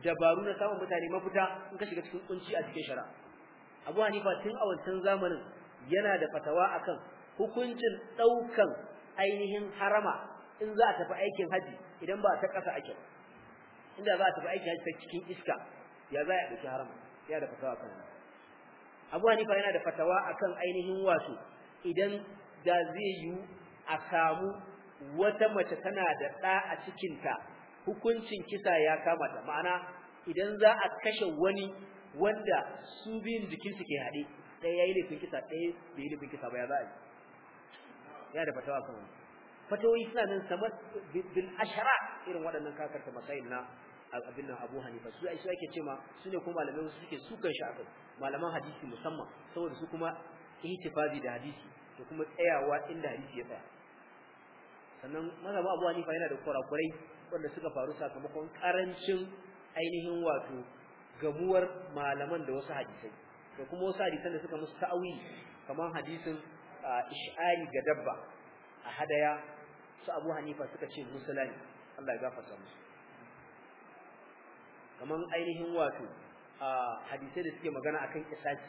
dabaru na samun mutane mafuta in ka shiga cikin kunci a cikin shara. Abu Hanifa tun a wancan zamanin yana da fatawa akan hukuncin daukan ainihin harama in za a tafi aikin haji idan ba ta kasa ake ba inda za a tafi aiki hajji cikin iska ya za a ɗauki haram ya da fatawa kan nan abu hanifa yana da fatawa akan ainihin wasu idan da zai yi a samu wata mace tana da ɗa a cikinta hukuncin kisa ya kama ta ma'ana idan za a kashe wani wanda su biyun jikinsu ke haɗe ɗaya ya yi laifin kisa ɗaya bai yi laifin kisa ba ya za a yi ya da fatawa kan wani fatoyi suna nan sama bil ashara irin waɗannan kakarta matsayin na abin nan Abu Hanifa su ai su ake ce ma su ne kuma malamai su suke su kan shafi malaman hadisi musamman saboda su kuma ihtifazi da hadisi da kuma tsayawa inda hadisi ya tsaya sannan ma Abu Hanifa yana da kurakurai wanda suka faru sakamakon karancin ainihin wato gamuwar malaman da wasu hadisai da kuma wasu hadisan da suka musu ta'awi kamar hadisin ish'ari ga dabba a hadaya su Abu Hanifa suka ce musulani Allah ya gafarta musu kaman ainihin wato a hadisai da suke magana akan isaki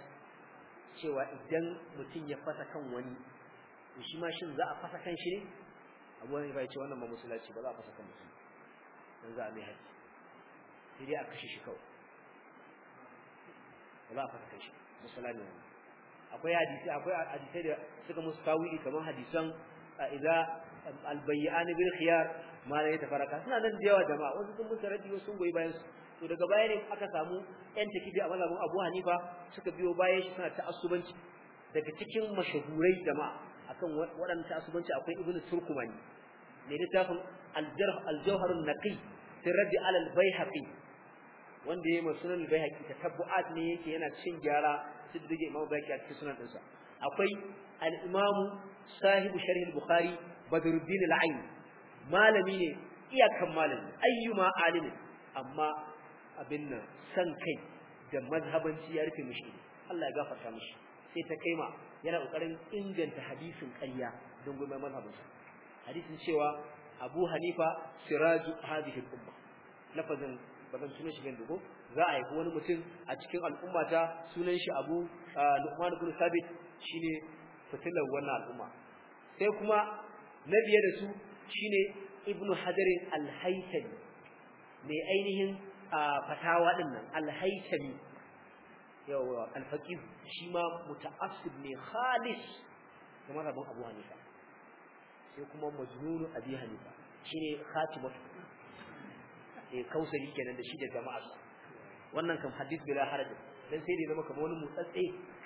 cewa idan mutum ya fasa kan wani shi ma shin za a fasa kan shi ne Abu Hanifa ya ce wannan ba musulaci ba za a fasa kan mutum dan za a mai haƙƙi sai dai a kashe shi kawai ba za a fasa kan shi musulani wani akwai hadisi akwai hadisai da suka musu tawili kaman hadisan idza albayyan bil khiyar malai ta faraka suna nan da yawa jama'a wasu sun musu radiyo sun goyi bayan su to daga baya ne aka samu yan takibi a mazhabin Abu Hanifa suka biyo bayan shi suna ta'assubanci daga cikin mashahurai jama'a akan waɗannan ta'assubanci akwai Ibn Turkumani ne littafin al-jarh al-jawhar an-naqi fi radd ala al-bayhaqi wanda yayi masunan al-bayhaqi tatabbu'at ne yake yana cin gyara siddige Imam Bayhaqi a cikin sunan ɗinsa akwai al-imam sahibu sharh al-bukhari badruddin al malami ne iyakan malami ayyuma alimi amma abin nan san kai da mazhabanci ya rufe mishi Allah ya gafarta mishi sai ta kai ma yana kokarin inganta hadisin ƙarya don gumai mazhabinsa hadisin cewa Abu Hanifa siraju hadhihi al-umma lafazin bazan tuno shi gando ko za a yi wani mutum a cikin al'ummata sunan shi Abu ah, Luqman ibn Sabit shine fitilar wannan al'umma sai kuma na biye da su shine ibnu hajarin al mai ainihin fatawa din nan al-haythami yawa al shi ma muta'assib ne khalis kamar abun abu hanifa sai kuma majnun abi hanifa shine khatimatu eh kausari kenan da shi da jama'arsa wannan kam hadith bila haraj dan sai da zama kamar wani mutsatse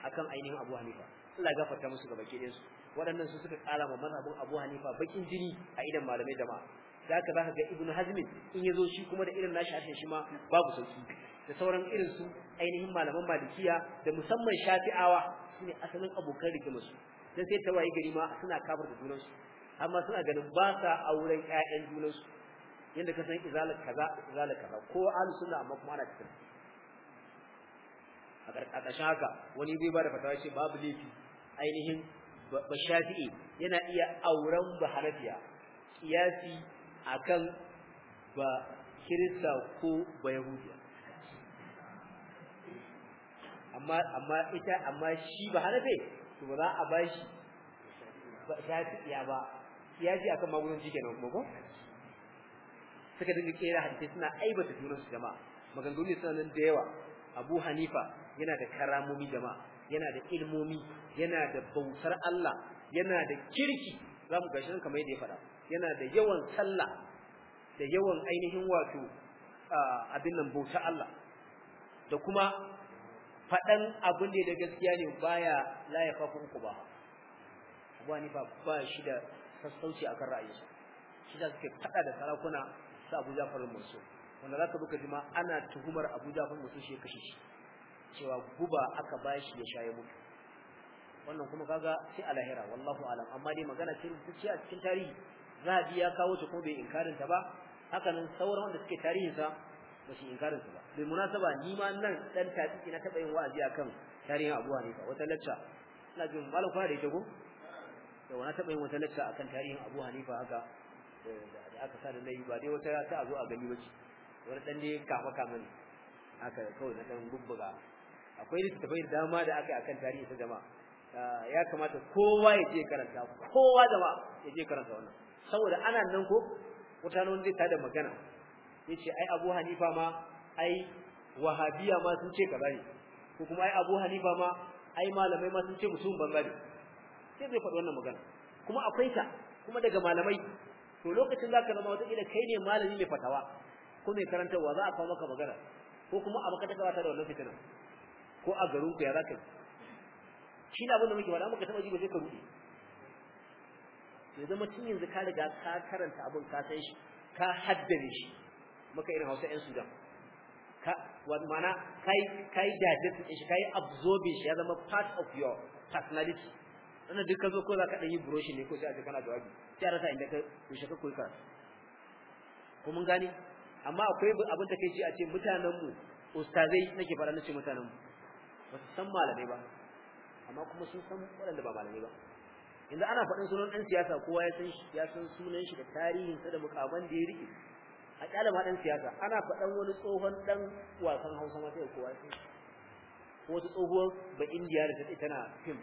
akan ainihin abu hanifa Allah ya gafarta musu ga su waɗannan su suka tsara ma mazhabin Abu Hanifa bakin jini a idan malamai jama'a da haka zaka ga Ibn Hazm in ya zo shi kuma da irin nashi harshen shi ma babu sauki da sauran irin su ainihin malaman Malikiya da musamman Shafi'awa shine asalin abokan rigimar su dan sai tawaye gari ma suna kafar da junansu amma suna ganin ba sa auren ƴaƴan junansu yanda ka san izalar kaza izalar kaza ko ahlus sunna amma kuma ana cikin a ƙarƙashin haka wani bai ba da fatawa ce babu laifi ainihin bashafi'i yana iya auren baharafiya kiyasi akan ba kirista ko ba yahudiya amma amma ita amma shi harafe to ba za a bashi bashafi'iya ba kiyasi akan magunan jike na kuma ko suka dinga kera hadisi suna aibata junansu jama'a maganganu ne sanan da yawa Abu Hanifa yana da karamomi jama'a yana da ilmomi yana da bautar Allah yana da kirki za mu gashi kamar yadda ya faɗa yana da yawan sallah da yawan ainihin wato abin nan bautar Allah da kuma faɗan abin da gaskiya ne baya la ya fa ba ba ni ba ba shi da sassauci akan ra'ayi shi da suke faɗa da sarakuna sa Abu Ja'far mansur wanda zaka buka jima ana tuhumar Abu Ja'far shi ya kashe shi cewa guba aka bashi ya sha ya mutu wannan kuma kaga sai a lahira wallahu alam amma dai magana ce ta a cikin tarihi zahabi ya kawo ta ko bai inkarin ta ba haka nan sauran wanda suke tarihin sa ba su inkarin ta ba bai munasaba ni ma nan dan tafiki na taba yin wa'azi akan tarihin Abu Hanifa wata lacca ina jin malam kuna da ita ko da wani taba yin wata lacca akan tarihin Abu Hanifa haka eh, da aka sa da nayi ba dai wata ta zo a gani ba ce wani dan ne kafa kaman haka kawai na dan bubbuga akwai littattafai da dama da aka yi akan tarihi ta jama'a ah, ya kamata kowa ya je karanta kowa jama'a ya je karanta wannan saboda ana nan ko mutane wanda zai da magana yace ai Abu Hanifa ma ai Wahabiya ma sun ce kaza ne ko kuma ai Abu Hanifa ma ai malamai ma sun ce mutum banza ne sai zai faɗi wannan magana kuma akwai ta kuma daga malamai to lokacin zaka zama wata ila kai ne malami mai fatawa ko mai karantarwa za a kawo maka magana ko kuma a maka ta da wannan fitina ko a garin ku ya zaka ka yi shi na abin da muke faɗa muka taɓa ji ba sai ka ruɗe ya zama tun yanzu ka riga ka karanta abin ka san shi ka haddare shi muka irin hausa 'yan sudan ka mana kai kai digest din shi kai absorb shi ya zama part of your personality ana duk ka zo ko za ka ɗan yi brush ne ko sai a ce kana jawabi sai a rasa inda ka rushe ka koyar ko mun gane amma akwai abin da kai ce a ce mutanenmu ustazai nake fara nace mutanenmu basu san malamai ba amma kuma sun san waɗanda ba malamai ba yanzu ana faɗin sunan ɗan siyasa kowa ya san ya san sunan shi da tarihin sa da mukaban da ya rike a ƙyala ma ɗan siyasa ana faɗan wani tsohon ɗan wasan hausa ma sai kowa ya san ko wata tsohuwar ba indiya da take tana fim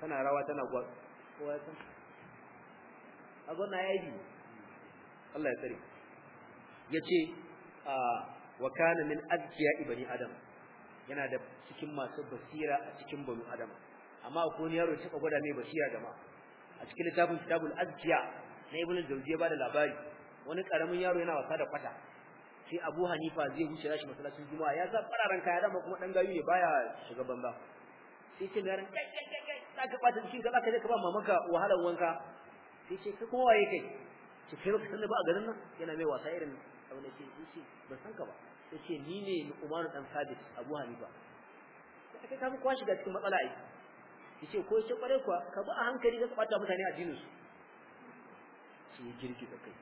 tana rawa tana gwa kowa ya san a gwanna ya yi Allah ya tsare ya ce ah, wa kana min azkiya ibni adam yana da cikin masu basira a cikin banu adam amma akwai yaro ya gwada mai basira da ma a cikin littafin kitabul azkiya na ibnu jawziya ba da labari wani karamin yaro yana wasa da kwata sai abu hanifa zai huce shi masallacin juma'a ya za fararan kaya dama kuma dan gayu ne baya shiga banza sai ce garin kai kai kai zaka bata cikin ka zaka ka ba mamanka wahalar wanka sai ce ka kowa yake kai ki kai ka san ba a garin nan yana mai wasa irin abin da ke shi ban san ka ba yace ni ne Umar dan Sabit Abu Hanifa sai ka kuwa shiga cikin matsala ai yace ko yace kware kuwa ka bi a hankali ka bata mutane addinin su shi ya da kai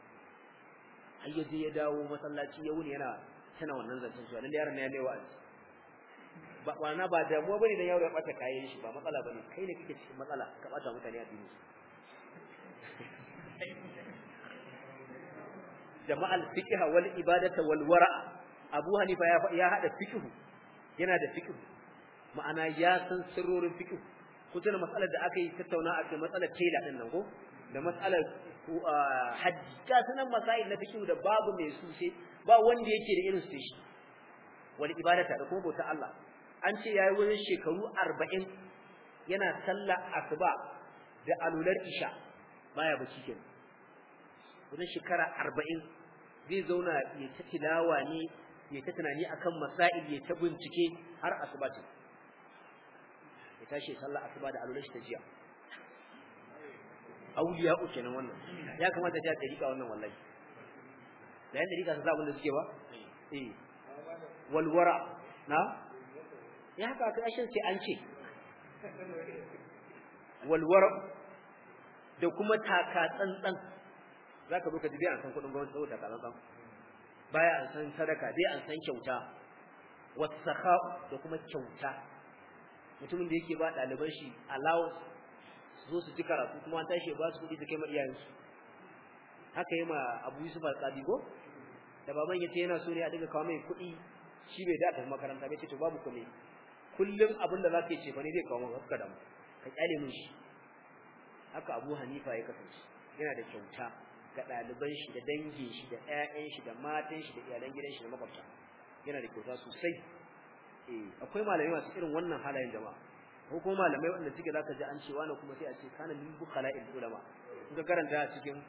ai ya je ya dawo masallaci ya wuni yana tana wannan zancen cewa lalle yaron ya mai wa'azi ba wana ba damuwa bane dan yaro ya bata kayan shi ba matsala bane kai ne kake cikin matsala ka bata mutane addinin su jama'al fiqh wal ibadata wal wara'a Abu Hanifa ya ya hada fiqh yana da fiqh ma'ana ya san sirrorin fiqh ko da matsalar da aka yi tattauna a cikin matsalar tela din nan ko da matsalar uh, hajji ta sanan masail na fiqh da babu mai su ce ba wanda yake da irin su shi wani ibadata da kuma bauta Allah an ce yayi wurin shekaru 40 yana sallar asuba da alular isha baya bacci kenan wurin shekara 40 zai zauna ya tafi tilawa ne ya ta tunani akan masail ya ta bincike har asuba ce ya tashi sallah asuba da alulashi ta jiya auliya uke nan wannan ya kamata ta ta rika wannan wallahi da yadda rika za abin da suke ba eh. walwara na ya haka a ashin ce an ce walwara da kuma taka tsantsan za ka zo ka dubi a kan kudin gwamnati saboda taka tsantsan baya an san sadaka dai an san kyauta wasakha da kuma kyauta mutumin da yake ba daliban shi allowance zo su ci karatu kuma an tashi ba su kuɗi su kai ma su haka yi ma abu yusuf al-qadi ko da baban yace yana so ne a daga kawo mai kuɗi shi bai da tafi makaranta bai ce to babu kuɗi kullum abin da za ka yi ce fa ne zai kawo maka haka mu ka kyale mun shi haka abu hanifa ya kasance yana da kyauta ga ɗaliban shi da dangin shi da ƴaƴan shi da matan shi da iyalan gidan shi da makwabta yana da kyauta sosai eh akwai malamai masu irin wannan halayen jama'a ko kuma malamai wanda suke zaka ji an ce wani kuma sai a ce kana min bukhala il ulama kuka ka karanta cikin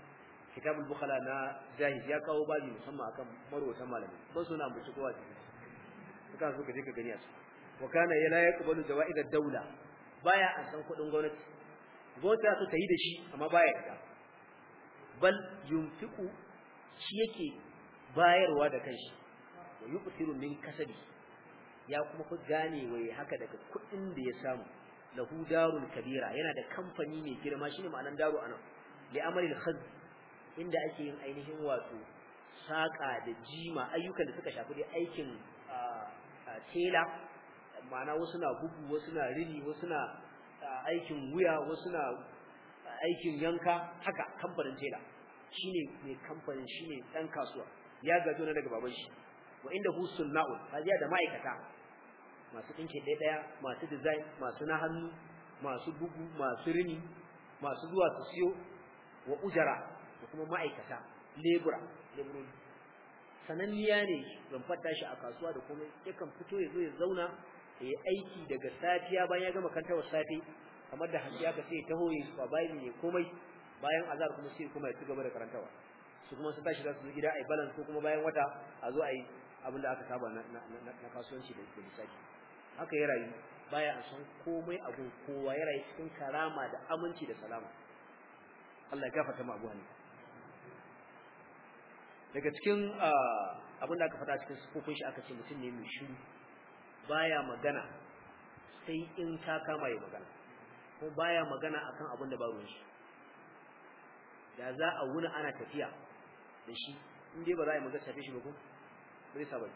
kitabul bukhala na jahil ya kawo babi musamman akan marwata malamai ban suna mutu kowa ce ka so ka je ka gani a su wa kana la yaqbalu jawaid ad-dawla baya an san kudin gwamnati gwamnati ta yi da shi amma baya yarda bal yunfiqu shi yake bayarwa da kanshi wa yuqtiru min kasabi ya kuma fi gane waye haka daga kuɗin da ya samu lahu darul kabira yana da kamfani mai girma shine ma'anan daru anan li amalil khaz inda ake yin ainihin wato saka da jima ayyukan da suka shafi aikin tela ma'ana wasu na bugu wasu na rini wasu na aikin wuya wasu na aikin yanka haka kamfanin tela shine mai kamfanin shi ne ɗan kasuwa ya gaji na daga baban shi wa inda hu ta kajiya da ma'aikata masu ɗinke ɗaya ɗaya masu design masu na hannu masu bugu masu rini masu zuwa su siyo wa ujara da kuma ma'aikata lebura leburori sananniya ne fata shi a kasuwa da kuma yakan fito ya zo ya zauna ya yi aiki daga safiya bayan ya gama kantar safe kamar da hasiya ka sai taho ba supervising ne komai bayan azar kuma sai kuma ya ci gaba da karantawa su kuma sun tashi za su gida ai balance ko kuma bayan wata a zo ai abin da aka saba na na kasuwanci da ke misali haka ya rayu baya a san komai abu kowa ya rayu cikin karama da aminci da salama Allah ya gafarta mu Abu daga cikin ah, abin da aka faɗa cikin sufofin shi aka ce mutum ne mai shiru baya magana sai in ka kama ya magana ko baya magana akan abin da ba ruwan shi da za a wuna ana tafiya da shi in dai ba za a yi magana tafi shi ba ko bai sa ba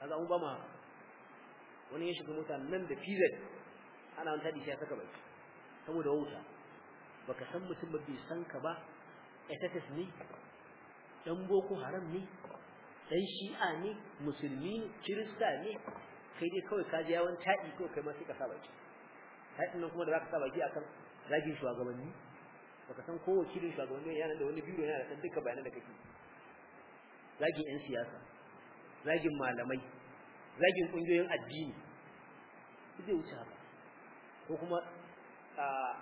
kaga an ba ma wani ya shiga mota nan da fizet ana wani tadi shi ya saka bai saboda wauta baka san mutum ba bai san ka ba etatis ne dan boko haram ne dan shi'a ne musulmi ne kirista ne kai dai kawai ka ji yawan taɗi ko kai ma sai ka saba kai nan kuma da zaka saba baki akan zagin shugabanni baka san ko wakilin shugabanni yana da wani biyu yana da duka bayanan da kake zagin yan siyasa zagin malamai zagin kungiyoyin addini zai wuce haka ko kuma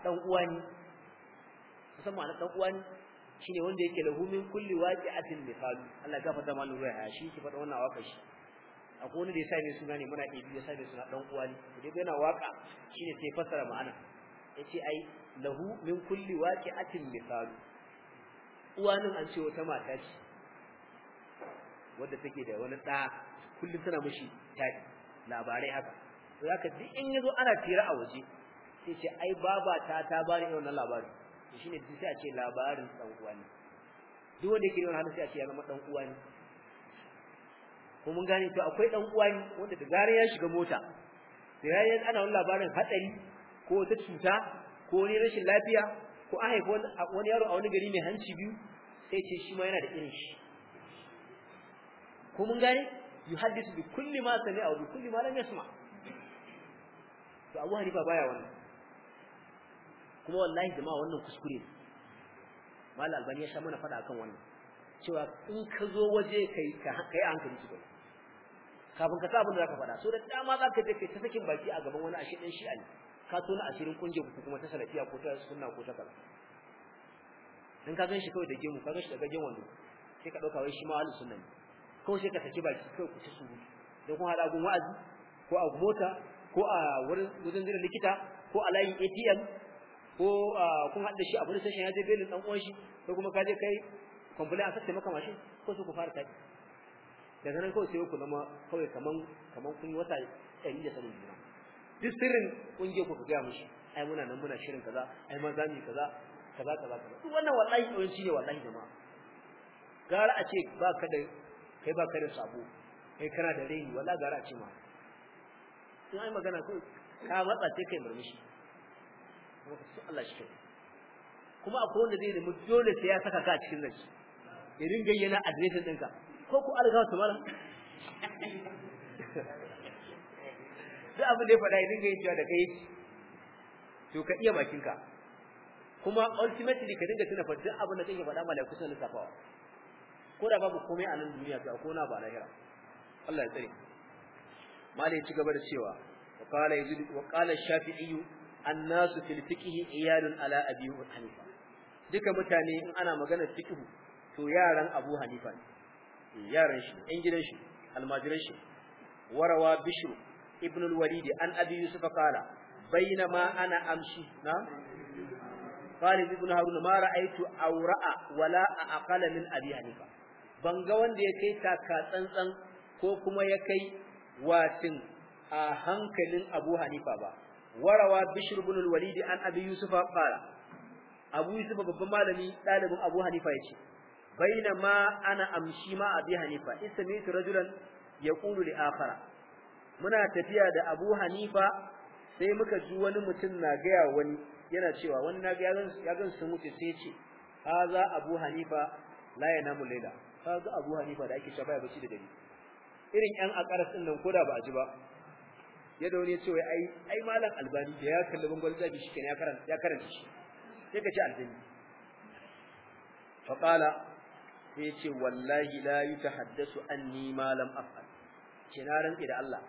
dan uwa ne musamman dan uwa ne shine wanda yake lahumin kulli waqi'atin misalu Allah gafarta malu ruha shi ki faɗa wannan waka shi akwai wani da ya sa suna ne muna ɗebi ya sa suna ɗan uwa ne idan yana waka shine sai fassara ma'ana Ya ce ai lahu min kulli atin misalu uwa nan an ce wata mata ce wadda take da wani ɗa kullum tana mishi tadi labarai haka to haka duk in yazo ana tira a waje sai ce ai baba ta ta bani wannan labarin to shine duk sai a ce labarin ɗan uwa ne duk wanda yake da wannan sai a ce ya zama ɗan uwa ne ko mun gane to akwai dan uwa wanda da gare ya shiga mota da yayin ana wani labarin hadari ko wata cuta ko ne rashin lafiya ko a haifi wani yaro a wani gari mai hanci biyu sai ce shi ma yana da irin shi ko mun gane yuhaddisu bi kulli ma sami'a wa bi kulli ma lam yasma to Abu Hanifa baya wannan kuma wallahi jama'a wannan kuskure ne Malam Albani ya sha mana fada akan wannan cewa in ka zo waje kai kai hankali tukuna kafin ka sa abin da zaka faɗa so da dama zaka je kai ta sakin baki a gaban wani ashe dan Ali, ka tona asirin kunje ku kuma ta salafiya ko ta sunna ko ta kaza in ka gan shi kawai da gemu ka gan shi da gagen wando sai ka dauka wai shi ma ahlus sunna ne ko sai ka saki baki kai ku ci su da kun hada gun wa'azi ko a mota ko a wurin wajen jira likita ko a layin ATM ko kun hada shi a police station ya je belin dan uwan shi ko kuma ka je kai complain a sace maka mashin ko su ku fara tafi daga nan kawai sai ku zama kawai kaman kaman kun yi wata ɗari da sanin juna duk sirrin kun je ku ku gaya mishi ai muna nan muna shirin kaza ai ma zamu kaza kaza kaza kaza duk wannan wallahi ɗoyin shi ne wallahi jama'a gara a ce ba ka da kai ba ka da sabo kai kana da raini wallahi gara a ce ma in ai magana ko ka matsa ce kai murmushi kuma su Allah shi kai kuma akwai wanda zai nemi dole sai ya saka ka a cikin zance ya ringa yana adireshin ɗinka ko ku alga su mala da abin da ya faɗa idan ga yi cewa da kai to ka iya bakinka kuma ultimately ka dinga tuna fadin abin da kake faɗa malaiku sun lissafawa ko da babu komai a nan duniya ta ko na ba lahira Allah ya tsare malai ci gaba da cewa wa qala yajid wa qala shafi'i annasu fil fiqhi iyalun ala abi hanifa duka mutane in ana magana fiqhu to yaran abu hanifa yaran shi ɗan gidan shi almajiran shi warawa bishru Ibnu al-walid an abi yusuf qala bainama ana amshi na qali ibn Harun ma ra'aytu awra'a wala aqala min Abi Hanifa ban ga wanda ya kai taka tsantsan ko kuma ya kai watin a hankalin Abu Hanifa ba warawa Bishr ibn al-Walid an Abi Yusuf qala Abu Yusuf babban malami dalibin Abu Hanifa yace bainama ana amshi ma abi hanifa Isa istamitu rajulan yaqulu li akhara muna tafiya da abu hanifa sai muka ji wani mutum na gaya wani yana cewa wani na ga ya gan sun wuce sai ce haza abu hanifa la yanamu laila haza abu hanifa da ake cewa baya bacci da dare irin yan akaras din nan koda ba a ji ba ya daure ya ce wai ai ai malam albani da ya kalli bangon zabi shi kenan ya karanta ya karanta shi sai ka ce aljini fa qala sai ce wallahi la yutahaddasu anni ma lam af'al kina rantsi da Allah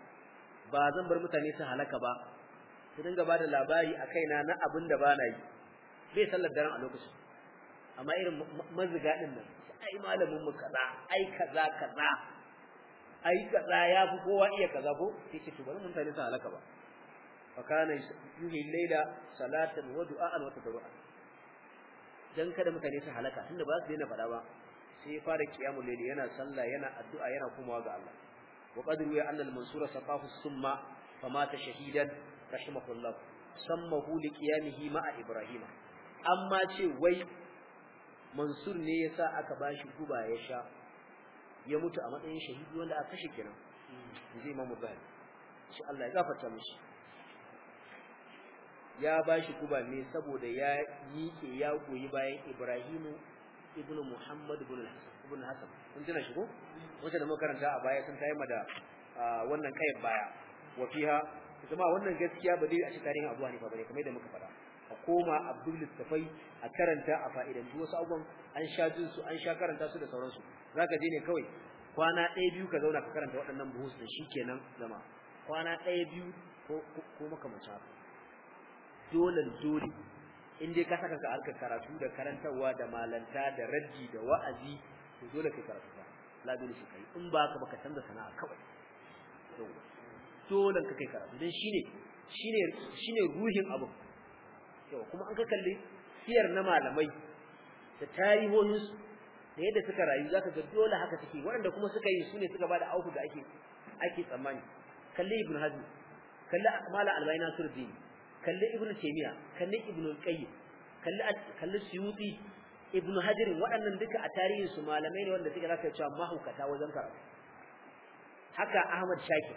ba zan bar mutane su halaka ba su dinga ba da labari a kaina na abin da ba na yi bai sallar daren a lokacin amma irin maziga din nan ai malamin mu kaza ai kaza kaza ai kaza ya fi kowa iya kaza ko sai ce to bari mutane su halaka ba fa kana yuhi layla salatan wa du'a'an wa tadarru'an dan kada mutane su halaka tunda ba su daina faɗa ba sai ya fara qiyamul layl yana sallah yana addu'a yana komawa ga Allah wa qadru ya annal mansur summa summa mata shahidan rahimahullah sammahu li qiyamihi ma'a Ibrahim. amma ce wai mansur ne yasa aka bashi guba ya sha ya mutu a matsayin shahidi wanda aka kashe kenan zai ma bani shi Allah ya gafarta mishi ya bashi guba ne saboda ya yi ke ya goyi bayan Ibrahimu ibnu muhammad ibn ibn hasan kun tuna shi ko wanda da muka karanta a baya sun tayi da wannan kayan baya wa fiha kuma wannan gaskiya ba dai a cikin tarihin abu hanifa ba kamar da muka faɗa a koma abdul safai a karanta a fa'idan duk wasu abubuwan an sha jin su an sha karanta su da sauransu zaka je ne kawai kwana ɗaya biyu ka zauna ka karanta waɗannan buhus da shikenan zama kwana ɗaya biyu ko ko makamancin dole dole in dai ka saka ka harkar karatu da karantarwa da malanta da raddi da wa'azi to dole kai karatu ba la dole shi kai in ba ka baka canza sana'a kawai dole ka kai karatu dan shine shine shine ruhin abu to kuma an ka kalli siyar na malamai da su da yadda suka rayu zaka ga dole haka take waɗanda kuma suka yi sune suka bada auku da ake ake tsammani kalli ibn hazm kalli mala albayna surdini kalli ibnu taymiya kalli ibnu qayyim kalli kalli suyuti ibnu hajar waɗannan duka a tarihin su malamai ne wanda suke zaka cewa mahaukata wajen karatu haka ahmad Shaki,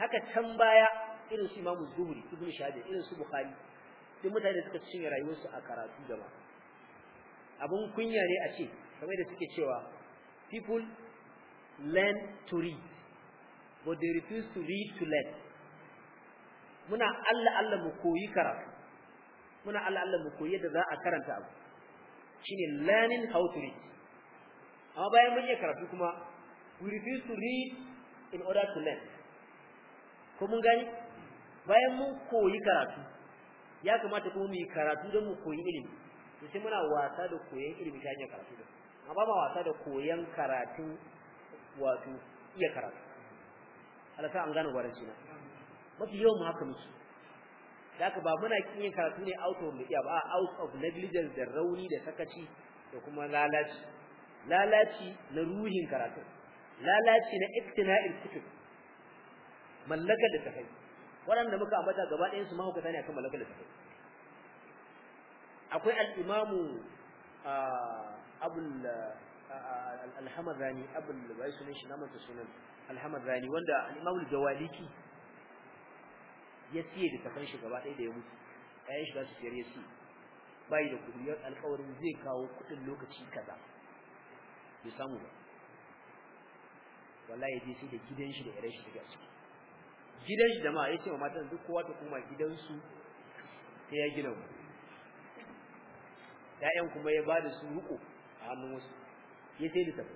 haka can baya irin su imamu zuhri ibnu shabi irin su bukhari duk mutane da suka rayuwar su a karatu gaba abun kunya ne a ce kamar da suke cewa people learn to read but they refuse to read to learn muna Allah Allah mu koyi karatu muna Allah Allah mu koyi yadda za a karanta abu shine learning how to read amma bayan mun yi karatu kuma we refuse to read in order to learn ko mun gani bayan mun koyi karatu ya kamata kuma mu yi karatu don mu koyi ilimi to sai muna wasa da koyon ilimi ta hanyar karatu da amma ba wasa da koyon karatu wato iya karatu Allah ta an gane shi na mafi yawan mu haka muke da aka ba muna kin yin karatu ne out of media ba out of negligence da rauni da sakaci da kuma lalaci lalaci na ruhin karatu lalaci na iktina'il kutub mallaka da tafai waɗanda muka ambata gaba ɗayan su mahaukata ne akan mallaka da tafai akwai al-imamu abul al-hamadani abul bai sunan shi na sunan al-hamadani wanda al-imamu al-jawaliki ya siye da kafan shi gaba ɗaya da ya mutu ƴaƴan shi za su siyar ya siye bai da kuɗi yau alƙawarin zai kawo kuɗin lokaci kaza bai samu ba wallahi je sai da gidan shi da ƴaƴan shi daga ciki gidan shi da ma ya ce wa matan duk kowa ta koma gidansu sai ya gina mu ƴaƴan kuma ya ba da su riƙo a hannun wasu ya sai da tafi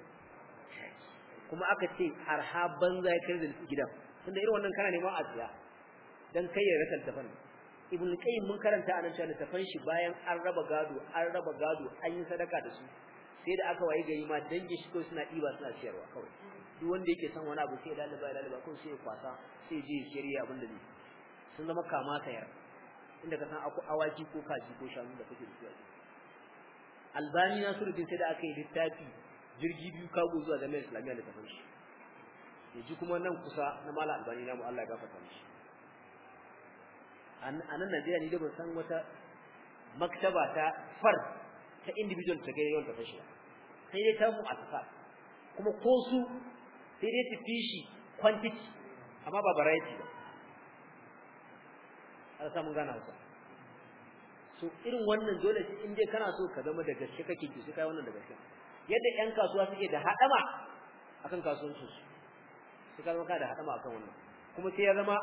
kuma aka ce arha banza ya kai da gidan tunda irin wannan kana neman a tsaya dan kai ya rasa ibn qayyim mun karanta anan cewa tafan shi bayan an raba gado an raba gado an yi sadaka da su sai da aka waye gari ma dangi shi ko suna diba suna ciyarwa kawai duk wanda yake son wani abu sai da da laliba ko sai kwasa sai je shirye abin da ne sun zama kama kayar inda ka san akwai awaki ko kaji ko shanu da kake da su albani na surudin sai da aka yi littafi jirgi biyu kago zuwa jami'ar islamiyya da tafan shi yaji kuma nan kusa na mala albani na mu Allah ya gafarta mishi a nan Najeriya ni da ban san wata maktaba ta far ta individual ta gare yawan ta fashi sai dai ta mu a tafa kuma ko su sai dai tafi shi quantity amma ba variety ba ala samun gana wasa so irin wannan dole shi in dai kana so ka zama da gaske kake ki su kai wannan da gaske yadda ƴan kasuwa suke da hadama akan kasuwancin su sai ka zama ka da hadama akan wannan kuma sai ya zama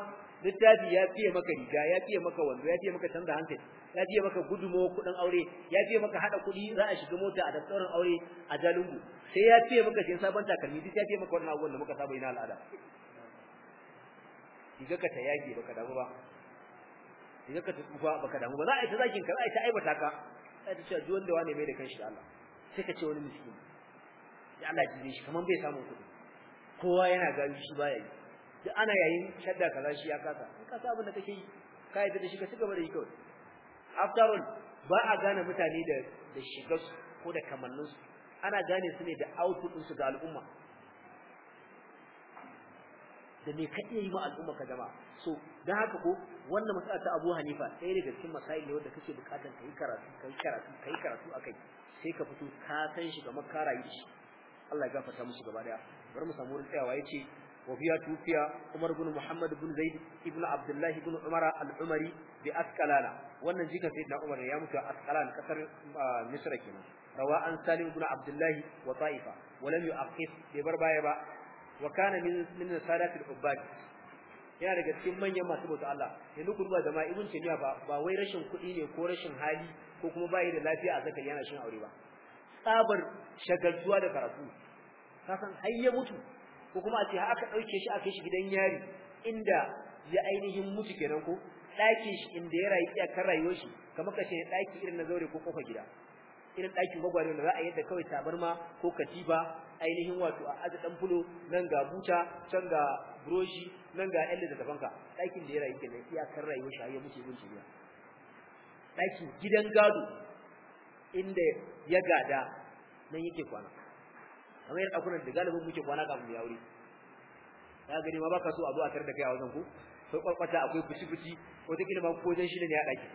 littafi ya fiye maka riga ya fiye maka wando ya fiye maka canza hankali ya fiye maka gudumo kudin aure ya fiye maka hada kudi za a shiga mota a daftarin aure a jalungu sai ya fiye maka sai sabon takalmi duk ya fiye maka wannan abubuwan da muka saba ina al'ada diga ka ta yage baka damu ba diga ka ta tsufa baka damu ba za a yi ta zakin ka za a yi ta aibata ka sai ta ce duk wanda wane mai da kanshi da Allah sai ka ce wani miskin ya Allah ji shi kaman bai samu kudi kowa yana gari shi baya yi duk ana yayin shadda kaza shi ya kasa in kasa abin da kake yi ka yadda da shi ka cigaba da yi kawai after all ba a gane mutane da da shigar su ko da kamannin su ana gane su ne da output din su ga al'umma da me ka iya yi ma al'umma ka jama so dan haka ko wannan mas'ala ta Abu Hanifa sai daga cikin masail ne wanda kake bukatar kai karatu kai karatu kai karatu akai sai ka fito ka san shi kamar ka rayu shi Allah ya gafarta musu gaba daya bari mu samu wurin tsayawa yace وفيها توفي عمر بن محمد بن زيد ابن عبد الله بن عمر العمري بأسكلانة وأن جيك سيدنا عمر يا متى أسكلان كثر مصر كنا رواء سالم بن عبد الله وطائفة ولم يؤقف ببربا يبا وكان من من سادات العباد yana daga cikin manyan masu bauta Allah yanzu ku da jama'a ibn Taymiya ba ba wai rashin kuɗi ne ko rashin hali ko kuma bayi da lafiya a zakari yana shin aure ba tsabar shagaltuwa da karatu kasan har ya mutu ko kuma a ce aka ɗauke shi aka shi gidan yari inda ya ainihin mutu kenan ko ɗakin shi inda ya rayu iyakar rayuwar shi kamar ka ce ɗaki irin na zaure ko kofa gida irin ɗakin gwagware da za a yadda kawai tabarma ko katiba ainihin wato a aza dan fulo nan ga buta can ga buroshi nan ga ƴan littattafanka ɗakin da ya rayu kenan iyakar rayuwar shi ya mutu gunci ne ɗakin gidan gado inda ya gada nan yake kwana kamar yadda ɗakunan da galibin muke kwana kafin ya aure ka gani ma baka so a zo a tarda kai a wajen ku sai kwakwata akwai fushi-fushi ne ba ko zan shi ne ya ɗaki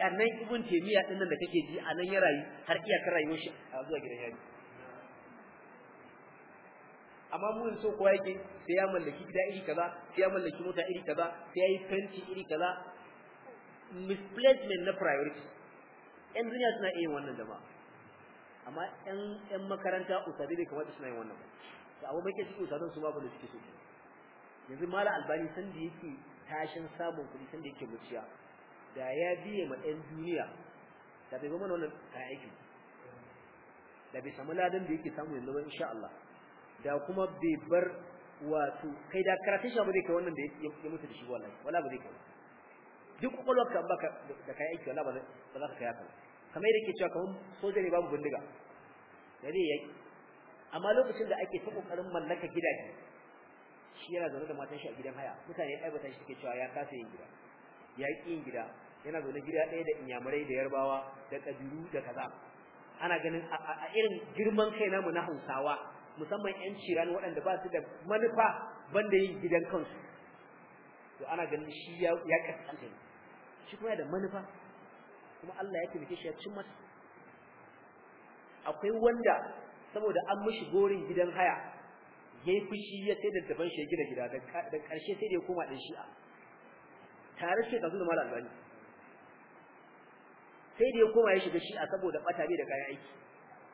annan ibn taymiya din nan da kake ji anan ya rayu har iyakar rayuwar shi a zuwa gidan yari amma mun so kowa yake sai ya mallaki gida iri kaza sai ya mallaki mota iri kaza sai ya yi fenti iri kaza misplacement na priority yan duniya suna iya wannan jama'a amma ƴan ɗan makaranta usadi ne kamata suna yin wannan ba to abu mai kici usabi su babu da suke so yanzu mala albani san da yake tashin samun kuɗi san da yake muciya da ya biye ma ɗan duniya da bai mana wannan kayan aiki da bai samu ladan da yake samu yanzu ba insha Allah da kuma bai bar wato kai da karatun shi ba zai kai wannan da ya mutu da shi wallahi wala ba zai kai duk ka baka da kayan aiki wala ba za ka kai haka kamar yake ke cewa kamar soja ne babu bindiga da zai yaki amma lokacin da ake ta kokarin mallaka gidaje shi yana zaune da matan shi a gidan haya mutane aibata shi suke cewa ya kasa yin gida ya yi yin gida yana zaune gida ɗaya da inyamurai da yarbawa da ƙabilu da kaza ana ganin a irin girman kai namu na hausawa musamman yan ciran waɗanda ba su da manufa banda yin gidan kansu to ana ganin shi ya ya kasance shi kuma da manufa kuma Allah ya taimake shi ya cin masa akwai wanda saboda an mishi gorin gidan haya yayi fushi ya sai da daban shi gida gida da karshe sai da ya koma din shi'a tare shi da zuwa mallan albani sai da ya koma ya shiga shi'a saboda bata bai da kayan aiki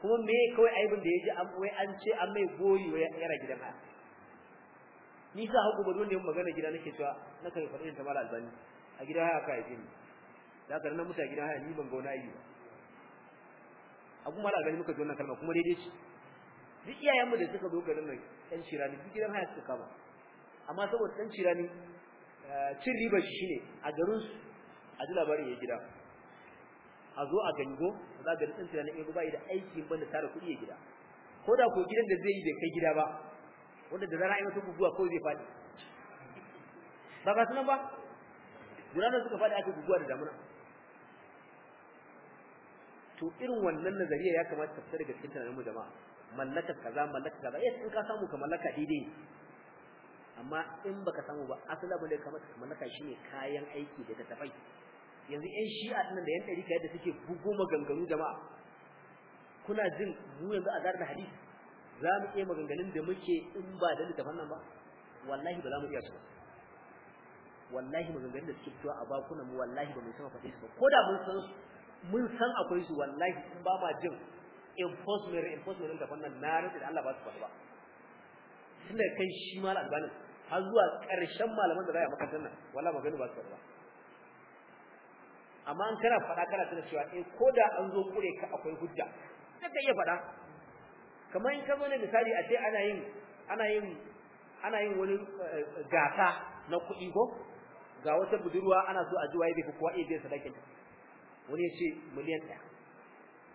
kuma me kawai aibin da yaji an wai an ce an mai goyi wai yara gidan haya ni sa haku don ne magana gida nake cewa na kai faɗin ta mallan albani a gida haya kai yi ni da ka nan mutane gidan haya ni ban gona yi a kuma ala gani muka ji wannan kalma kuma daidai ce duk iyayenmu da suka zo garin nan ɗan cirani duk gidan haya suka kama amma saboda ɗan cirani eh, cin riba shi shine a garin su a ji labarin ya gida a zo a gango za ga ɗan cirani in ba da aiki ban da tara kuɗi ya gida ko da ko gidan da zai yi bai kai gida ba wanda da zara ai wata guguwa ko zai faɗi ba ga sunan ba gudanar suka faɗi aka guguwa da damuna to irin wannan nazariya ya kamata ta fita daga cikin tunanin mu jama'a mallaka kaza mallaka kaza eh in ka samu ka mallaka daidai amma in baka samu ba asala bane kamar ka mallaka shine kayan aiki daga tafai yanzu yan shi'a din da yan dariƙa yadda suke bugo maganganu jama'a kuna jin mu yanzu a garin hadisi za mu iya maganganun da muke in ba da da fannan ba wallahi ba za mu iya su wallahi maganganun da suke fitowa a bakunan mu wallahi ba mu san fa ba ko da mun san su mun san akwai su wallahi in ba ma jin enforcement reinforcement din da nan na rantsi da Allah ba su faɗa ba tunda kai shi ma albanin har zuwa ƙarshen malaman da za a makarantar nan wallahi magana ba su faɗa ba amma an kana faɗa kana tana cewa eh ko da an zo kure ka akwai hujja ka iya faɗa kamar in ka zo ne misali a ce ana yin ana yin ana yin wani eh, gasa na kuɗi ko ga wata budurwa ana so a ji waye bai fi kowa iya biyan sadakin wani ya ce miliyan ɗaya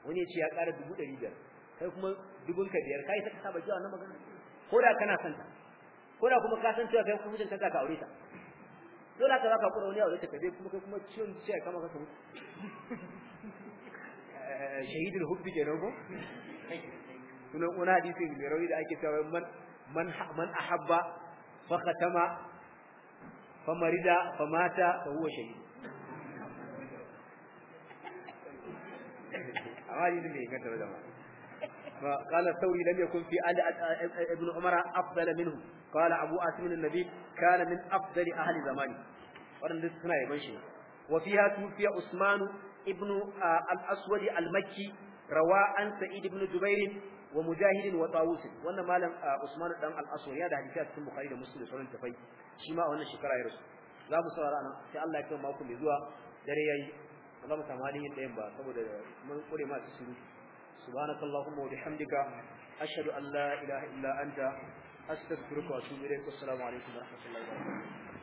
wani ya ce ya ƙara dubu ɗari biyar kai kuma dubun ka biyar kai saka ba jiya na magana ko da kana son ta ko da kuma ka san cewa kai kuma ta ka aure ta dole ka baka kura wani aure ta kai kuma kai kuma ciwon ciya kama ka samu eh, shahidul hubbi kenan ko kuna kuna hadisi mai rawi da ake cewa man man man ahabba fa khatama fa marida fa mata fa huwa shahid awali ne mai gata da ma فقال الثوري لم يكن في آل ابن عمر أفضل منه قال أبو آسم النبي كان من أفضل أهل زمانه ورندس سنة يبنشي وفيها توفي عثمان ابن الأسود المكي روى عن سعيد بن جبير ومجاهد وطاووس وانا مالم عثمان بن الأسود هذا حديثات في البخاري ومسلم سنن تفي شيما وانا شكرا يا رسول za mu saurara nan sai Allah ya kai mako mai zuwa dare yayi Allah ta mali yin dayan ba saboda mun kure ma cikin subhanakallahumma wa bihamdika ashhadu an la ilaha illa anta astaghfiruka wa atubu ilayk assalamu alaikum wa rahmatullahi wa